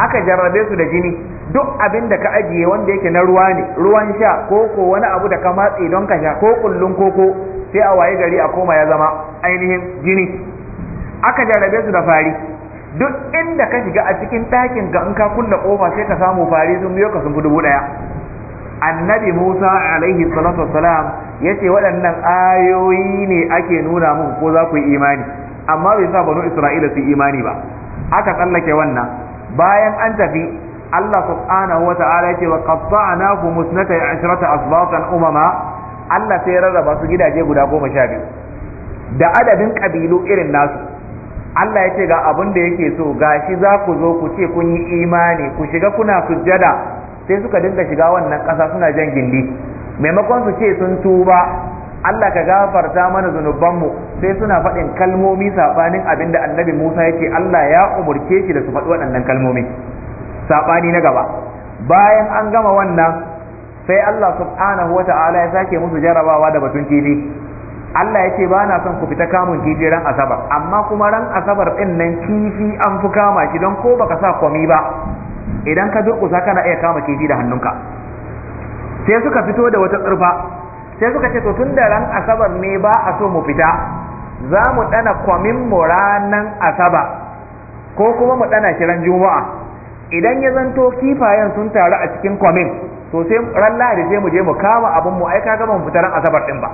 aka jarrabe su da jini duk abin da ka ajiye wanda yake na ruwa ne ruwan sha ko ko wani abu da ka matse don ka sha ko kullun koko sai a waye gari a koma ya zama ainihin jini aka jarrabe su da fari duk inda ka shiga a cikin ɗakin ga in ka kunna ƙofa sai ka samu fari sun biyo ka sun fi dubu ɗaya annabi musa alaihi salatu wassalam ya ce waɗannan ayoyi ne ake nuna muku ko za ku yi imani amma bai sa banu isra'ila su yi imani ba aka tsallake wannan bayan an tafi allah subhanahu wa ta'ala ya ce wa qatta'nahu musnata ashrata asbaqan umama allah sai ya rarraba su gidaje guda goma sha biyu da adadin kabilu irin nasu Allah ya ce ga abin da yake so gashi za ku zo ku ce kun yi imani ku shiga kuna sujjada sai suka dinga shiga wannan ƙasa suna jan gindi maimakon su ce sun tuba Allah ka gafarta mana zunubanmu sai suna faɗin kalmomi saɓanin abin da annabi Musa ya ce Allah ya umurce shi da su faɗi waɗannan kalmomi saɓani na gaba bayan an gama wannan sai Allah subhanahu wa ta'ala ya sake musu jarabawa da batun kifi Allah ya ce ba na son ku fita kamun kifi ran asabar amma kuma ran asabar din nan kifi an fi kama shi don ko baka sa kwami ba idan ka durƙusa kana iya kama kifi da hannunka sai suka fito da wata tsirfa sai suka ce to tun da ran asabar ne ba a so mu fita za mu dana kwamin mu ranan asaba ko kuma mu dana shi juma'a idan ya zanto kifayen sun taru a cikin kwamin to sai ran lahadi sai mu je mu kama abun mu ai kaga ban fita ran asabar din ba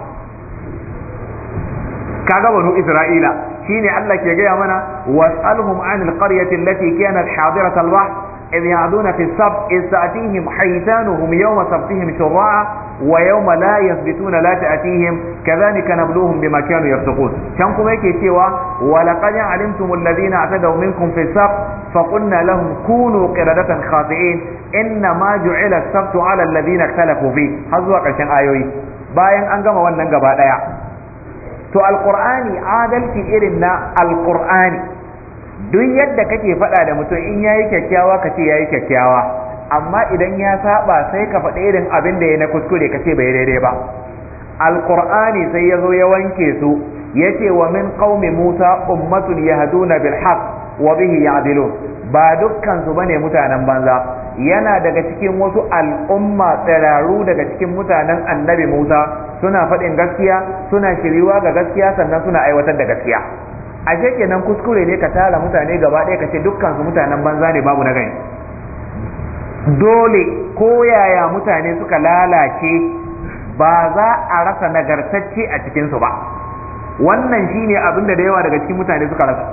kaga banu isra'ila shine Allah ke gaya mana was'alhum anil qaryati allati kanat hadirat al-bahr إذ يعدون في السبت إذ تأتيهم حيتانهم يوم سبتهم شراعا ويوم لا يثبتون لا تأتيهم كذلك نبلوهم بما كانوا يفسقون كم هيك سوى ولقد علمتم الذين اعتدوا منكم في السبت فقلنا لهم كونوا قردة خاطئين إنما جعل السبت على الذين اختلفوا فيه هذا وقت آيوي باين أنقم وننقب هذا to alqur'ani adalci irin na alqur'ani duk yadda kake faɗa da mutum in yayi kyakkyawa ka ce yayi kyakkyawa amma idan ya saba sai ka faɗi irin abin da ya na kuskure ka ce bai daidai ba alqur'ani sai yazo ya wanke su yace wa min qaumi musa ummatun yahduna bil haqq wa bihi ya'dilun ba dukkan su bane mutanen banza yana daga cikin wasu al'umma tsiraru daga cikin mutanen annabi Musa suna faɗin gaskiya suna shiriwa ga gaskiya sannan suna aiwatar da gaskiya ashe nan kuskure ne ka tara mutane gaba ɗaya ka ce dukkan su mutanen banza ne babu na gani dole ko yaya mutane suka lalace ba za a rasa nagartacce a cikinsu ba wannan shine abinda da yawa daga cikin mutane suka rasa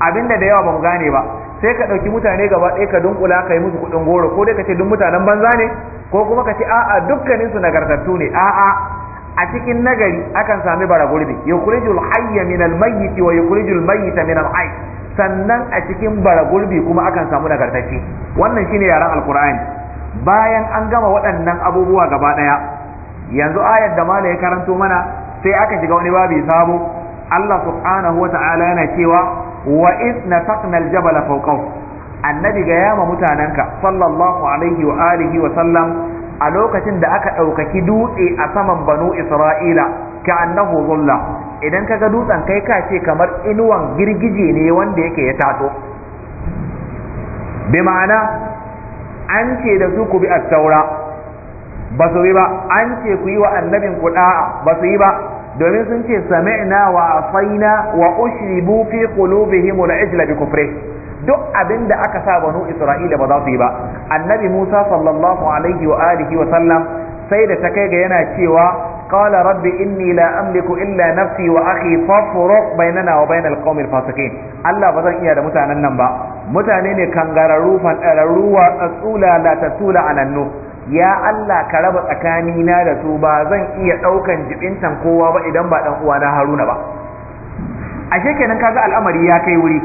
abinda da yawa ba mu gane ba sai ka ɗauki mutane gaba ɗaya ka dunkula ka yi musu kuɗin goro ko dai ka ce duk mutanen banza ne ko kuma ka ce a'a dukkaninsu nagartattu ne a'a a cikin nagari akan sami bara gurbi yukhrijul hayya min al mayyit wa yukhrijul mayyita min al hayy sannan a cikin bara gurbi kuma akan samu nagartacce wannan shine yaran alqur'ani bayan an gama waɗannan abubuwa gaba ɗaya yanzu ayar da Malam ya karanto mana sai aka shiga wani babi sabo Allah subhanahu wa ta'ala yana cewa wa idna faqna al-jabal annabi ga yama mutananka sallallahu alaihi wa alihi wa sallam a lokacin da aka ɗaukaki dutse a saman banu isra'ila ka annahu zulla idan kaga dutsen kai ka ce kamar inuwan girgije ne wanda yake ya tato bi ma'ana an ce da su ku bi at-taura ba su yi ba an ce ku yi wa annabin ku da'a ba su yi ba domin sun ce sami'na wa asaina wa ushribu fi qulubihim al-ijla bi kufri duk abinda aka sa banu isra'ila ba za su yi ba annabi musa sallallahu alaihi wa alihi wa sallam sai da ta kai ga yana cewa qala rabbi inni la amliku illa nafsi wa akhi fafruq bainana wa bainal qawmil fasiqin Allah ba zan iya da mutanen nan ba mutane ne kangararru fadararru wa tsatsula la tasula alannu ya Allah ka raba tsakanina da su ba zan iya ɗaukan jibintan kowa ba idan ba ɗan uwana haruna ba a kenan kaga al'amari ya kai wuri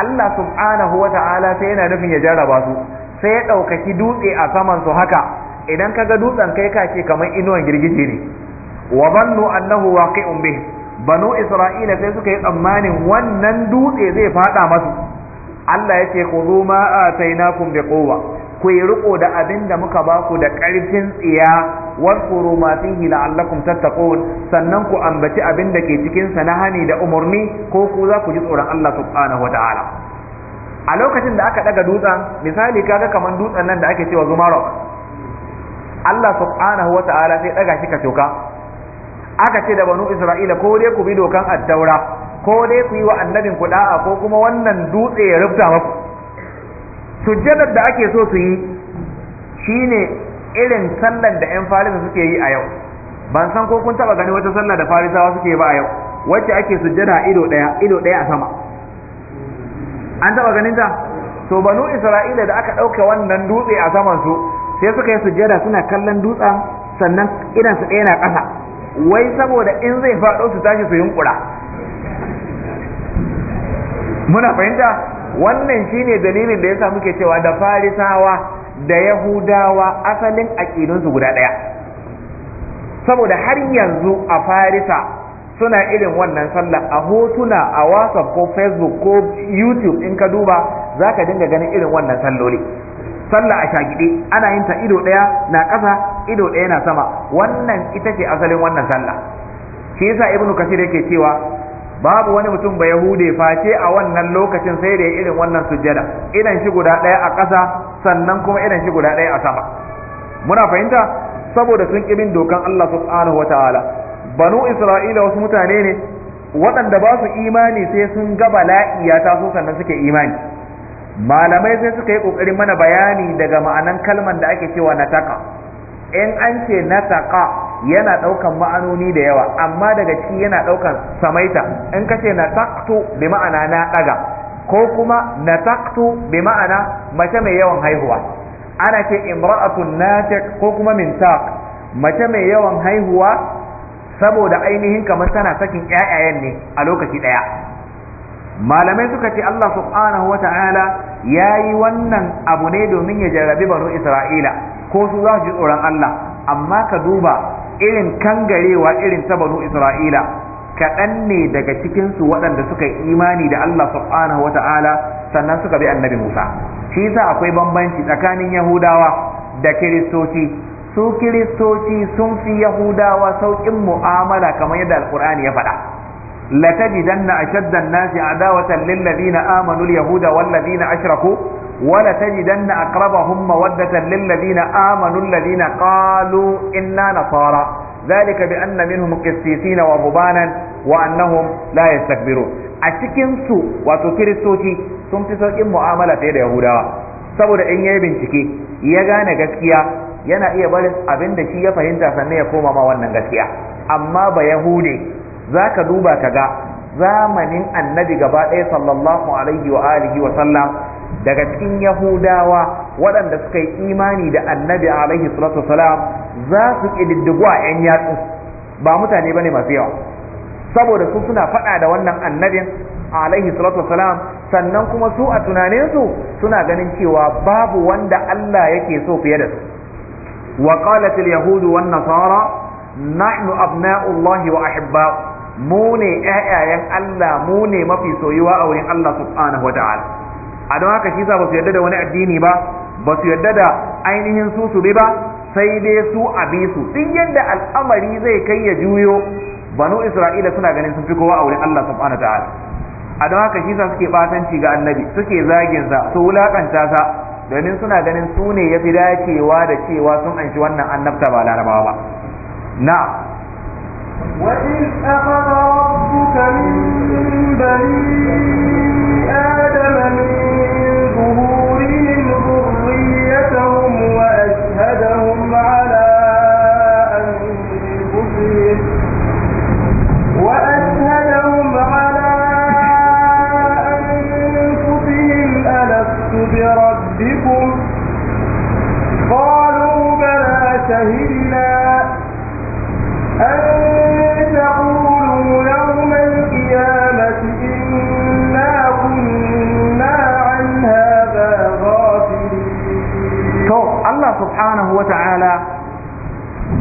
Allah subhanahu wa ta'ala sai yana nufin ya jarraba su sai ya ɗaukaki dutse a saman su haka idan kaga dutsen kai kake kamar inuwan girgije ne wa bannu annahu waqi'un bih banu isra'ila sai suka yi tsammanin wannan dutse zai faɗa masu Allah ya ce zo ma bi quwwa ku yi riko da abin da muka ba ku da ƙarfin tsiya waskuru ma fihi la'allakum tattaqun sannan ku ambaci abin da ke cikin sa na hani da umarni ko ku za ku ji tsoron Allah subhanahu wata'ala a lokacin da aka daga dutsen misali kaga kamar dutsen nan da ake cewa zumarok Allah subhanahu wata'ala sai daga shi ka toka aka ce da banu Isra'ila ko dai ku bi dokan addaura ko dai ku yi wa annabin ku da'a ko kuma wannan dutse ya rubuta maku sujjadar da ake so su yi shine irin sallar da yan farisa suke yi a yau ban san ko kun taba gani wata sallar da farisawa suke ba a yau wacce ake sujjada ido daya ido daya a sama an taba ganin ta to banu isra'ila da aka ɗauka wannan dutse a saman su sai suka yi sujjada suna kallon dutsen sannan idan su ɗaya na ƙasa wai saboda in zai faɗo su tashi su yunkura muna fahimta wannan shine dalilin da yasa muke cewa da farisawa da yahudawa asalin aƙidunsu guda ɗaya saboda har yanzu a farisa suna irin wannan sallah a hotuna a whatsapp ko facebook ko youtube in ka duba za ka dinga ganin irin wannan salloli sallah a shagide ana yin ta ido ɗaya na ƙasa ido ɗaya na sama wannan ita ce asalin wannan sallah shi yasa ibnu kasir yake cewa babu wani mutum ba yahude face a wannan lokacin sai da irin wannan sujjada idan shi guda ɗaya a ƙasa sannan kuma idan shi guda ɗaya a sama muna fahimta saboda sun ƙi dokan Allah subhanahu wataala banu isra'ila wasu mutane ne waɗanda ba su imani sai sun ga bala'i ta su sannan suke imani malamai sai suka yi ƙoƙarin mana bayani daga ma'anan kalmar da ake cewa nataka in an ce nataka yana ɗaukan ma'anoni da yawa amma daga ciki yana ɗaukan samaita in ka ce na taktu bi ma'ana na ɗaga ko kuma na taktu bi ma'ana mace mai yawan haihuwa ana ce imra'atun natiq ko kuma taq mace mai yawan haihuwa saboda ainihin kamar tana sakin ƴaƴayen ne a lokaci ɗaya malamai suka ce Allah subhanahu wa ta'ala ya wannan abu ne domin ya jarrabi banu isra'ila ko su za su ji tsoron Allah amma ka duba irin kangarewa irin ta banu isra'ila kaɗan ne daga cikinsu waɗanda suka yi imani da Allah subhanahu wata'ala sannan suka bi annabi Musa shi yasa akwai bambanci tsakanin Yahudawa da Kiristoci su Kiristoci sun fi Yahudawa sauƙin mu'amala kamar yadda Alƙur'ani ya faɗa latajidanna ashadda an-nasi adawatan lil ladina amanu al-yahuda wal ladina ashraku wala tajidanna aqrabahum mawaddatan lil ladina amanu alladhina qalu inna nasara ذلك بأن منهم قسيسين ورهبانا وأنهم لا يستكبرون أتكن wato kiristoci sun fi sauƙin mu'amala fiye da Yahudawa saboda in ya yi bincike ya gane gaskiya yana iya barin abin da shi ya fahimta sannan ya koma ma wannan gaskiya amma ba Yahude zaka duba ka ga zamanin annabi gaba ɗaya sallallahu alaihi wa alihi wa sallam daga cikin yahudawa waɗanda suka yi imani da annabi alaihi salatu Salam, za su ƙididdigu a 'yan yatsu ba mutane ba ne masu yawa saboda su suna faɗa da wannan annabin alaihi salatu Salam sannan kuma su a tunaninsu suna ganin cewa babu wanda Allah yake so fiye da su wa qalatil yahudu wan nasara nahnu abna'ullahi wa ahibba'u mu ne ƴaƴayen Allah mu ne mafi soyuwa a wurin Allah subhanahu wa ta'ala a don haka shi sa ba su yarda da wani addini ba ba su yarda da ainihin su su bi ba sai dai su a bi su duk yadda al'amari zai kai ya juyo banu isra'ila suna ganin sun fi kowa a wurin Allah subhanahu wa ta'ala a don haka shi sa suke batanci ga annabi suke zagin sa su wulakanta sa domin suna ganin su ne ya fi dacewa da cewa sun anshi wannan annabta ba larabawa ba na
وإذ أخذ ربك من بني آدم من ربكم قالوا بلى شهدنا أن تقولوا يوم القيامة إنا كنا عن
هذا
غافلين
الله سبحانه وتعالى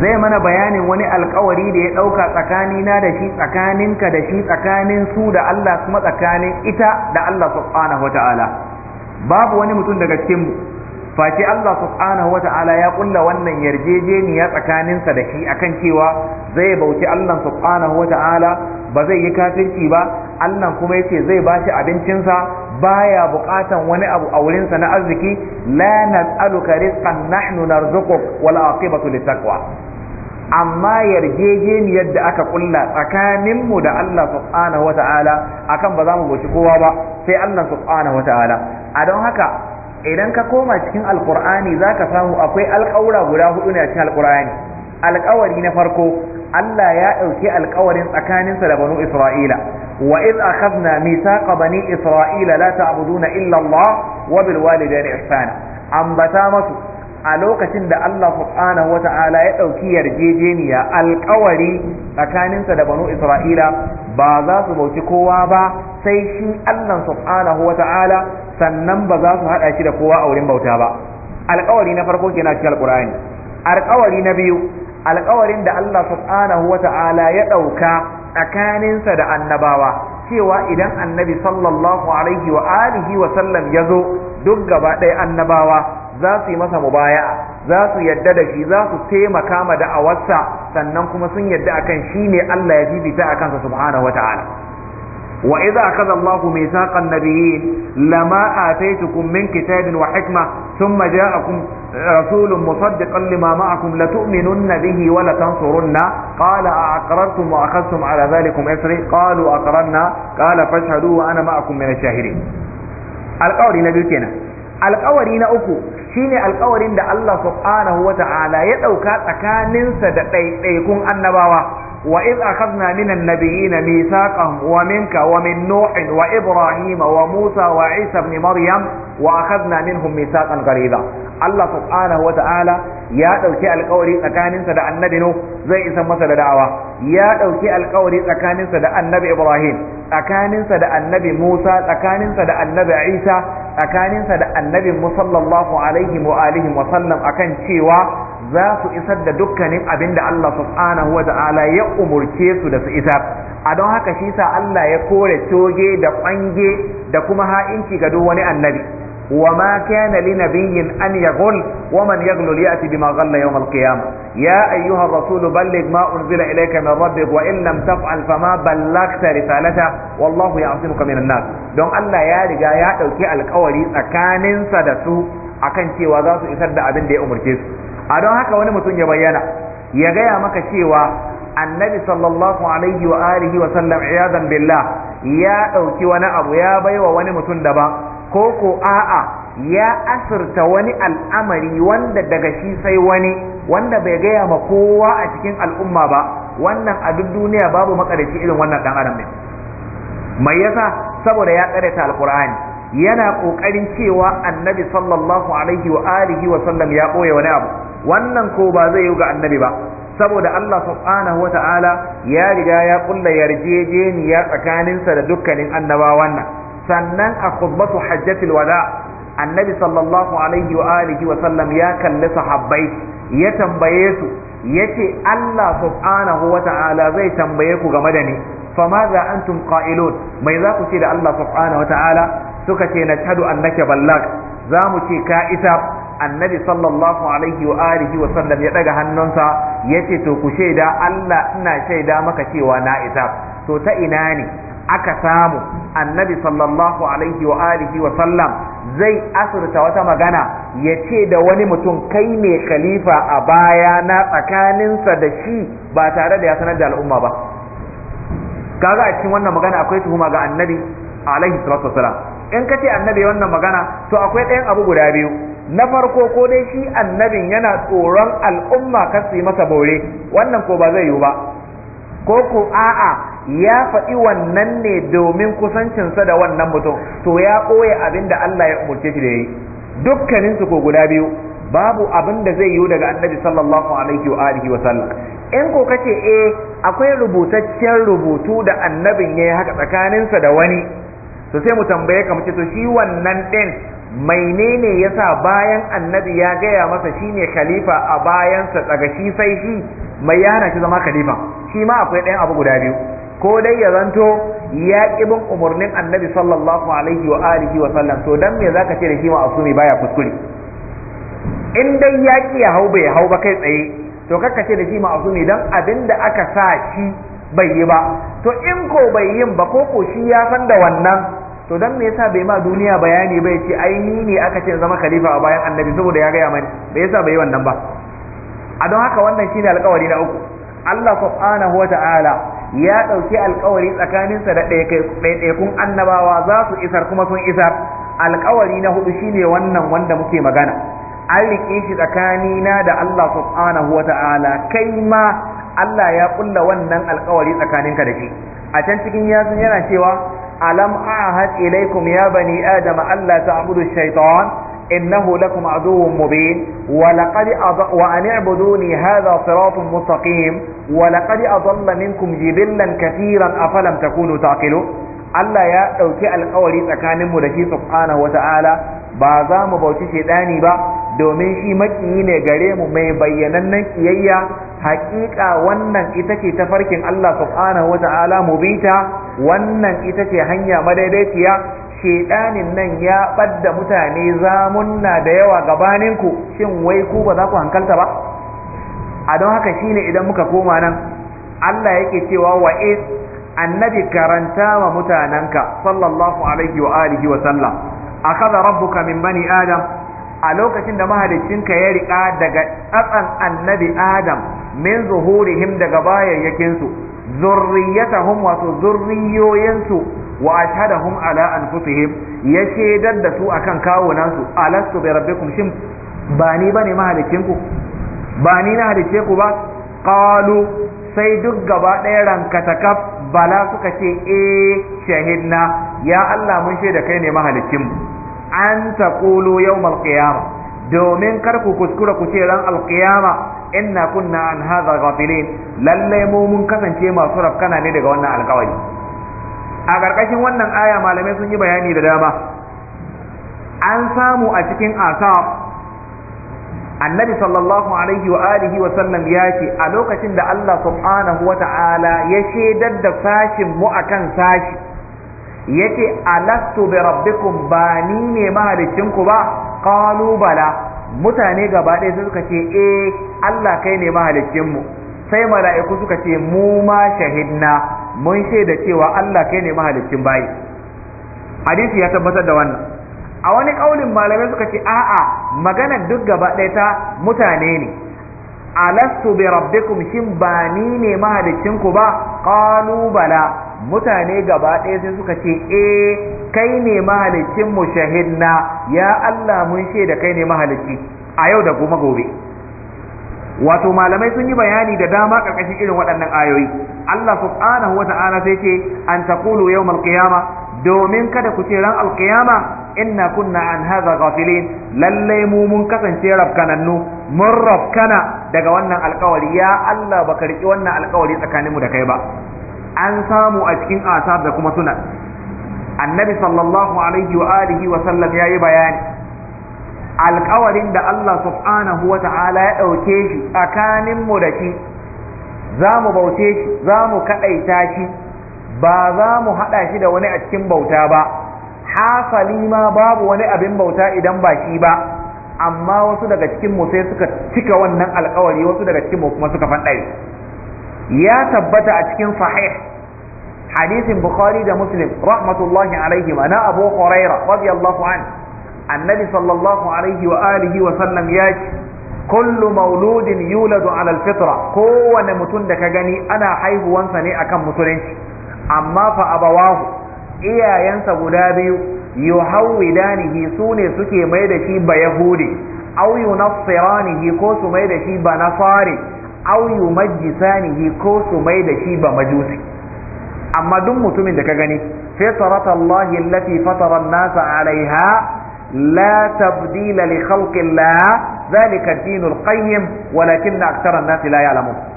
zai mana bayanin wani alkawari da ya ɗauka tsakanina da shi tsakaninka da shi tsakanin su da Allah kuma tsakanin ita da Allah subhanahu wa ta'ala babu wani mutum daga cikin mu face Allah subhanahu wata'ala ya kulla wannan yarjejeniya tsakaninsa da shi akan cewa zai bauci Allah subhanahu wata'ala ba zai yi kafirci ba Allah kuma yace zai bashi abincinsa baya bukatan wani abu a wurinsa na arziki la nas'aluka rizqan nahnu narzuquk wal aqibatu littaqwa amma yarjejeniyar da aka kulla tsakaninmu da Allah subhanahu wata'ala akan ba za mu bauci kowa ba sai Allah subhanahu wata'ala a don haka idan ka koma cikin alkur'ani za ka samu akwai alƙawura guda hudu ne a cikin alkur'ani alƙawari na farko Allah ya ɗauki alƙawarin tsakaninsa da banu Isra'ila wa iz akhadna mithaqa bani Isra'ila la ta'buduna illa Allah wa bil walidayni ihsana ambata masu a lokacin da Allah subhanahu wata'ala ya ɗauki yarjejeniya alƙawari tsakaninsa da banu Isra'ila ba za su bauci kowa ba sai shi Allah subhanahu wata'ala sannan ba za su haɗa shi da kowa a wurin bauta ba alƙawari na farko kenan cikin alƙur'ani alƙawari na biyu alƙawarin da Allah subhanahu ya ɗauka tsakaninsa da annabawa cewa idan annabi sallallahu alaihi wa alihi wa sallam ya zo duk gaba ɗaya annabawa za su yi masa mubaya'a za su yadda da shi za su taimaka ma da'awarsa sannan kuma sun yadda akan shi ne Allah ya bibita a kansa subhanahu wata'ala وإذا أخذ الله ميثاق النبيين لما آتيتكم من كتاب وحكمة ثم جاءكم رسول مصدقا لما معكم لتؤمنن به ولتنصرن قال أأقررتم وأخذتم على ذلكم إسري قالوا أقررنا قال فاشهدوا وأنا معكم من الشاهدين القول نبي كنا القول أكو shine alkawarin da Allah subhanahu wa ta'ala ya ɗauka tsakaninsa da ɗaiɗaikun annabawa وإذ أخذنا من النبيين ميثاقهم ومنك ومن نوح وإبراهيم وموسى وعيسى بن مريم وأخذنا منهم ميثاقا غليظا الله سبحانه وتعالى ya ɗauki alkawari tsakaninsa da annabi Nuh zai isa masa da da'awa ya ɗauki alkawari tsakaninsa da annabi Ibrahim tsakaninsa da annabi Musa tsakaninsa da annabi Isa tsakaninsa da annabi musallallahu alaihi wa akan cewa za su isar da dukkanin abin da Allah subhanahu wa ta'ala ya umurce su da su isar a don haka shi sa Allah ya kore coge da kwange da kuma ha'inci ga duk wani annabi wa ma kana li nabiyyin an yaghul wa man yaghlul ya'ti bima ghalla yawm al-qiyamah ya ayyuha ar-rasul balligh ma unzila ilayka min rabbik wa in lam taf'al fama ballaghta risalata wallahu ya'simuka minan nas don Allah ya riga ya dauki alkawari tsakaninsa da su akan cewa za su isar da abin da ya umurce su a don haka wani mutum ya bayyana ya gaya maka cewa annabi sallallahu alaihi wa alihi wa sallam iyadan billah ya ɗauki wani abu ya baiwa wani mutum daban ko ko a'a ya asirta wani al'amari wanda daga shi sai wani wanda bai gaya ma kowa a cikin al'umma ba wannan a duk duniya babu makarici irin wannan dan adam ne mai yasa saboda ya karanta alqur'ani yana kokarin cewa annabi sallallahu alaihi wa alihi wa sallam ya ɓoye wani abu wannan ko ba zai yi ga annabi ba saboda Allah subhanahu wata'ala ya riga ya kulla yarjejeniya tsakaninsa da dukkanin Annaba wannan. sannan a khutbatu hajjatul wada annabi sallallahu alaihi wa alihi wa sallam ya kalli sahabbai ya tambaye su yace Allah subhanahu wata'ala zai tambaye ku game da ni famaza antum qa'ilun mai za ku ce da Allah subhanahu wata'ala suka ce na tadu annaka ballak za mu ce ka isa annabi sallallahu alaihi wa alihi wa sallam ya daga hannunsa yace to ku shaida Allah ina shaida maka cewa na isa to ta ina ne aka samu annabi sallallahu alaihi wa alihi wa sallam zai asurta wata magana ya ce da wani mutum kai ne khalifa a baya na tsakaninsa da shi ba tare da ya sanar da al'umma ba kaga a cikin wannan magana akwai tuhuma ga annabi alaihi salatu wasalam in ka ce annabi wannan magana to akwai ɗayan abu guda biyu na farko ko dai shi annabin yana tsoron al'umma kan su yi masa bore wannan ko ba zai yiwu ba ko ko a'a ya faɗi wannan ne domin kusancinsa da wannan mutum to ya ɓoye abin da Allah ya umarce shi da yi dukkaninsu ko guda biyu babu abin da zai yiwu daga annabi sallallahu alaihi wa sallam in ko kace eh akwai rubutaccen rubutu da annabin yayi haka tsakaninsa da wani to sai mu tambaye ka ce to shi wannan din mainene yasa bayan annabi ya gaya masa shine khalifa a bayansa daga shi sai shi mai yana shi zama khalifa shi ma akwai ɗayan abu guda biyu ko dai ya zanto ya bin umarnin annabi sallallahu alaihi wa alihi wa sallam to dan me zaka ce da shi asumi baya kuskure in dai ya ƙi ya hau bai hau ba kai tsaye to kakka ce da shi ma'asumi dan da aka sa shi bai yi ba to in ko bai yin ba ko ko shi ya san da wannan to dan me yasa bai ma duniya bayani bai ce ai ni ne aka ce zama khalifa a bayan annabi saboda ya gaya mani me yasa bai wannan ba a don haka wannan shine alkawari na uku Allah subhanahu wa ta'ala ya ɗauki alkawari tsakaninsa da ɗaiɗaikun annabawa za su isar kuma sun isar alkawari na hudu shine wannan wanda muke magana an rike shi tsakanina da Allah subhanahu wa ta'ala kai ma Allah ya ƙulla wannan alkawari tsakaninka da shi a can cikin yasin yana cewa alam ahad ilaikum ya bani adam alla ta'budu shaytan innahu lakum aduwwun mubin wa laqad wa an i'buduni hadha siratun mustaqim wa laqad adalla minkum jibillan katiran afalam takunu taqilun Allah ya ɗauki alkawari tsakaninmu da shi subhanahu wata'ala ba za mu bauci shaidani ba domin shi makiyi ne gare mu mai bayyanannen kiyayya haƙiƙa wannan ita ce tafarkin Allah subhanahu wata'ala mu bi ta wannan ita ce hanya madaidaiciya shedanin nan ya ɓadda mutane zamunna da yawa gabaninku shin wai ku ba za ku hankalta ba a don haka shine idan muka koma nan Allah yake cewa wa annabi karanta wa mutanenka sallallahu alaihi wa alihi wa sallam akhadha rabbuka min bani adam a lokacin da mahaliccinka ya riƙa daga tsatsan annabi adam min zuhurihim daga bayyakin su zurriyatahum wato zurriyoyinsu wa ashhadahum ala anfusihim ya shaidar da su akan kawunan su alastu bi rabbikum shin ba ni bane mahalicin ku ba ni na halicce ku ba qalu sai duk gaba ɗaya rankatakaf bala suka ce eh shahidna ya Allah mun shaida kai ne mahalicin mu an taqulu yawmal qiyamah domin kar ku kuskura ku ce ran alqiyama inna kunna an hadha ghafilin lalle mu mun kasance masu rafkana ne daga wannan alƙawari a ƙarƙashin wannan aya malamai sun yi bayani da dama an samu a cikin asa annabi sallallahu alaihi wa alihi wa sallam ya ce a lokacin da Allah subhanahu wa ta'ala ya shaidar da sashin mu akan sashi yace alastu bi rabbikum ba ni ne ku ba qalu bala mutane gaba ɗaya sai suka ce eh Allah kai ne mahaliccin mu sai mala'iku suka ce mu ma shahidna mun shaida cewa Allah kai ne mahaliccin bayi hadisi ya tabbatar da wannan a wani kaulin malamai suka ce a'a magana duk gaba ɗaya ta mutane ne alastu bi rabbikum shin ba ni ne mahaliccin ku ba qalu bala mutane gaba ɗaya sai suka ce eh kai ne mahalicin mu shahidna ya Allah mun da kai ne mahalicci a yau da kuma gobe wato malamai sun yi bayani da dama karkashin irin waɗannan ayoyi Allah subhanahu wa ta'ala sai ce an taqulu yawmal qiyama domin kada ku ce ran alqiyama inna kunna an hadha ghafilin lalle mu mun kasance rabkanannu mun rabkana daga wannan alkawari ya Allah ba karki wannan alkawari tsakaninmu da kai ba an samu a cikin asar da kuma sunan annabi sallallahu alaihi wa alihi wa sallam yayi bayani alƙawarin da Allah subhanahu wa ta'ala ya ɗauke shi tsakanin mu da shi za mu bauce shi za mu kaɗaita shi ba za mu haɗa shi da wani a cikin bauta ba hasali ma babu wani abin bauta idan ba shi ba amma wasu daga cikin mu sai suka cika wannan alkawari wasu daga cikin mu kuma suka fanɗare ya tabbata a cikin sahih hadisin bukhari da muslim rahmatullahi alaihi wa na abu huraira radiyallahu an annabi sallallahu alaihi wa alihi wa sallam ya ce kullu mauludin yuladu ala alfitra kowane mutum da ka gani ana haihuwansa ne akan musulunci amma fa abawahu iyayensa guda biyu yuhawwidanihi su ne suke mai da shi ba yahudi aw yunassiranihi ko su mai da shi ba nasari aw yumajjisanihi ko su mai da shi ba majusi amma duk mutumin da ka gani fitrata Allah allati fatara an-nas 'alayha la tabdila li khalqi Allah ذلك الدين na ولكن أكثر الناس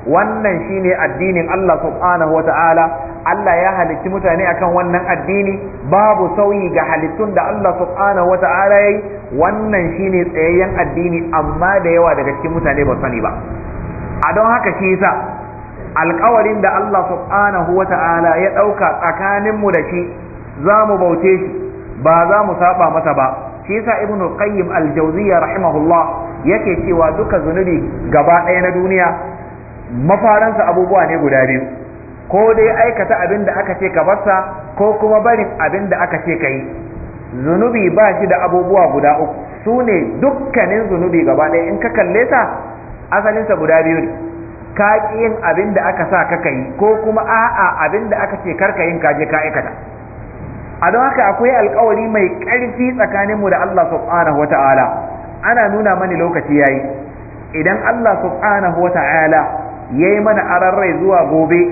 wannan shine addinin Allah subhanahu wata'ala Allah ya halitti mutane akan wannan addini babu sauyi ga halittun da Allah subhanahu wata'ala yayi wannan shine tsayayyen addini amma da yawa daga cikin mutane ba sani ba a don haka shi yasa alkawarin da Allah subhanahu wa ta'ala ya ɗauka mu da shi za mu bauce shi ba za mu saba masa ba shi yasa ibnu qayyim al-jawziyya rahimahullah yake cewa duka zunubi gaba ɗaya na duniya mafaransa abubuwa ne guda biyu ko dai aikata abin da aka ce ka barsa ko kuma barin abin da aka ce ka yi zunubi ba shi da abubuwa guda uku su ne dukkanin zunubi gaba ɗaya in ka kalle ta asalinsa guda biyu ne ka ƙi yin abin da aka sa ka yi ko kuma a'a abin da aka ce karka yin kaje ka aikata a don haka akwai alkawari mai ƙarfi tsakaninmu da Allah subhanahu wa ta'ala ana nuna mani lokaci yayi idan Allah subhanahu wa ta'ala ya yi mana ararrai zuwa gobe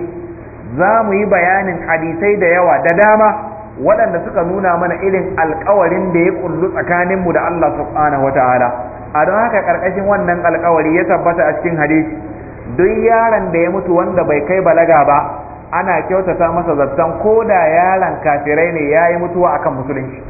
za mu yi bayanin hadisai da yawa da dama waɗanda suka nuna mana irin alƙawarin da ya kullu tsakaninmu da Allah subhanahu wa ta'ala a don haka ƙarƙashin wannan alkawari ya tabbata a cikin hadisi duk yaron da ya mutu wanda bai kai balaga ba ana kyautata masa zaton ko da yaron kafirai ne ya yi mutuwa akan musulunci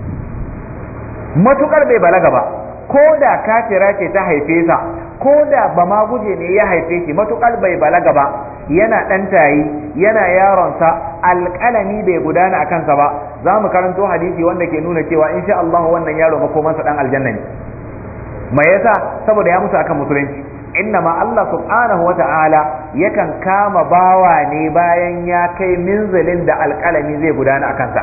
Matuƙar bai balaga ba ko da kafira ce ta haife sa ko da ba ma guje ne ya haife shi matukar bai balaga ba yana ɗan tayi yana yaronsa alƙalami bai gudana a kansa ba za mu karanto hadisi wanda ke nuna cewa in sha Allah wannan yaro makomansa ɗan aljanna ne me yasa saboda ya mutu akan musulunci innama Allah subhanahu wa ta'ala yakan kama bawa ne bayan ya kai minzalin da alƙalami zai gudana a kansa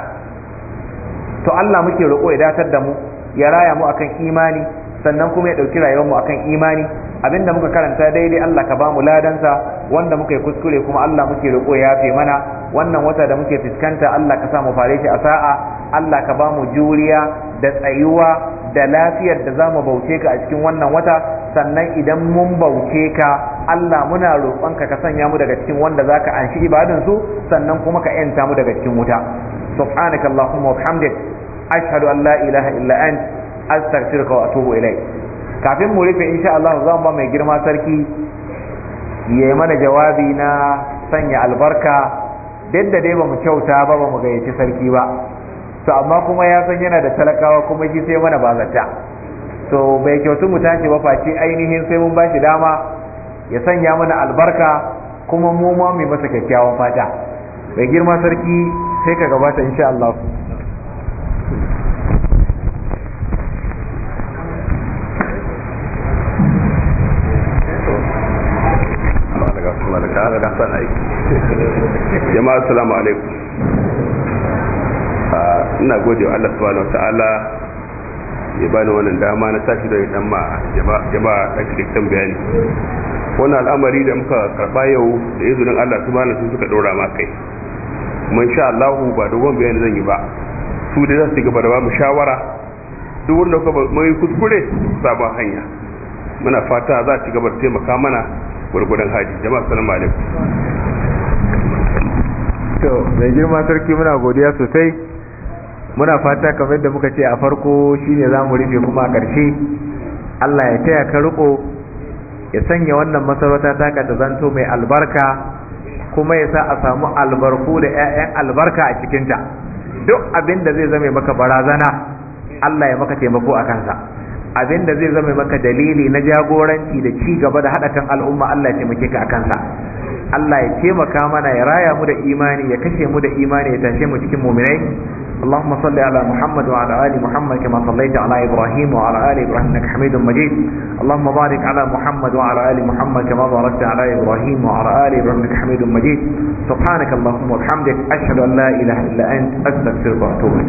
to Allah muke roƙo ya datar da mu ya raya mu akan imani sannan kuma ya ɗauki rayuwar mu akan imani abinda muka karanta daidai Allah ka bamu ladansa wanda muka yi kuskure kuma Allah muke roƙo ya yafe mana wannan wata da muke fuskanta Allah ka sa mu fare shi a sa'a Allah ka bamu juriya da tsayuwa da lafiyar da zamu mu ka a cikin wannan wata sannan idan mun bauce ka Allah muna roƙonka ka sanya mu daga cikin wanda za ka anshi su sannan kuma ka yanta mu daga cikin wuta subhanaka allahumma wa bihamdik ashhadu an la ilaha illa ant astaghfiruka wa atubu ilaik kafin mu rufe insha Allah za mu ba mai girma sarki yayi mana jawabi na sanya albarka duk da dai ba mu kyauta ba ba mu gayyaci sarki ba to amma kuma ya san yana da talakawa kuma shi sai mana bazata to bai kyautu mu tashi ba face ainihin sai mun bashi dama ya sanya mana albarka kuma mu ma mu masa kyakkyawan fata bai girma sarki sai ka gabata insha Allah assalamu alaikum ah, ina gode wa Allah subhanahu wa ta'ala ya bani wannan dama na tashi da dan ma jama'a da kike bayani wannan al'amari da muka karba yau da izinin Allah subhanahu sun suka dora ma
kai kuma insha Allah ba dogon bayani zan yi ba su da za su gaba da ba mu shawara duk wanda ka mai kuskure sabon hanya muna fata za ci gaba da taimaka mana gurgurdan haji jama'a assalamu alaikum
to mai girma sarki muna godiya sosai muna fata kamar da muka ce a farko shine za mu rufe kuma a ƙarshe allah ya taya ka riko ya sanya wannan masarauta ta ka zanto mai albarka kuma ya sa a samu albarku da 'ya'yan albarka a cikinta duk abin da zai zama maka barazana allah ya maka taimako a kansa abin da zai zama maka dalili na jagoranci da ci gaba da haɗa kan al'umma allah ya taimake ka a kansa Allah ya taimaka mana ya raya mu da imani ya kashe mu da imani ya tashe mu cikin mu'minai اللهم صل على محمد وعلى آل محمد كما صليت على إبراهيم وعلى آل إبراهيم إنك حميد مجيد اللهم بارك على محمد وعلى آل محمد كما باركت على إبراهيم وعلى آل إبراهيم إنك حميد مجيد سبحانك اللهم وبحمدك أشهد أن لا إله إلا أنت أستغفرك وأتوب إليك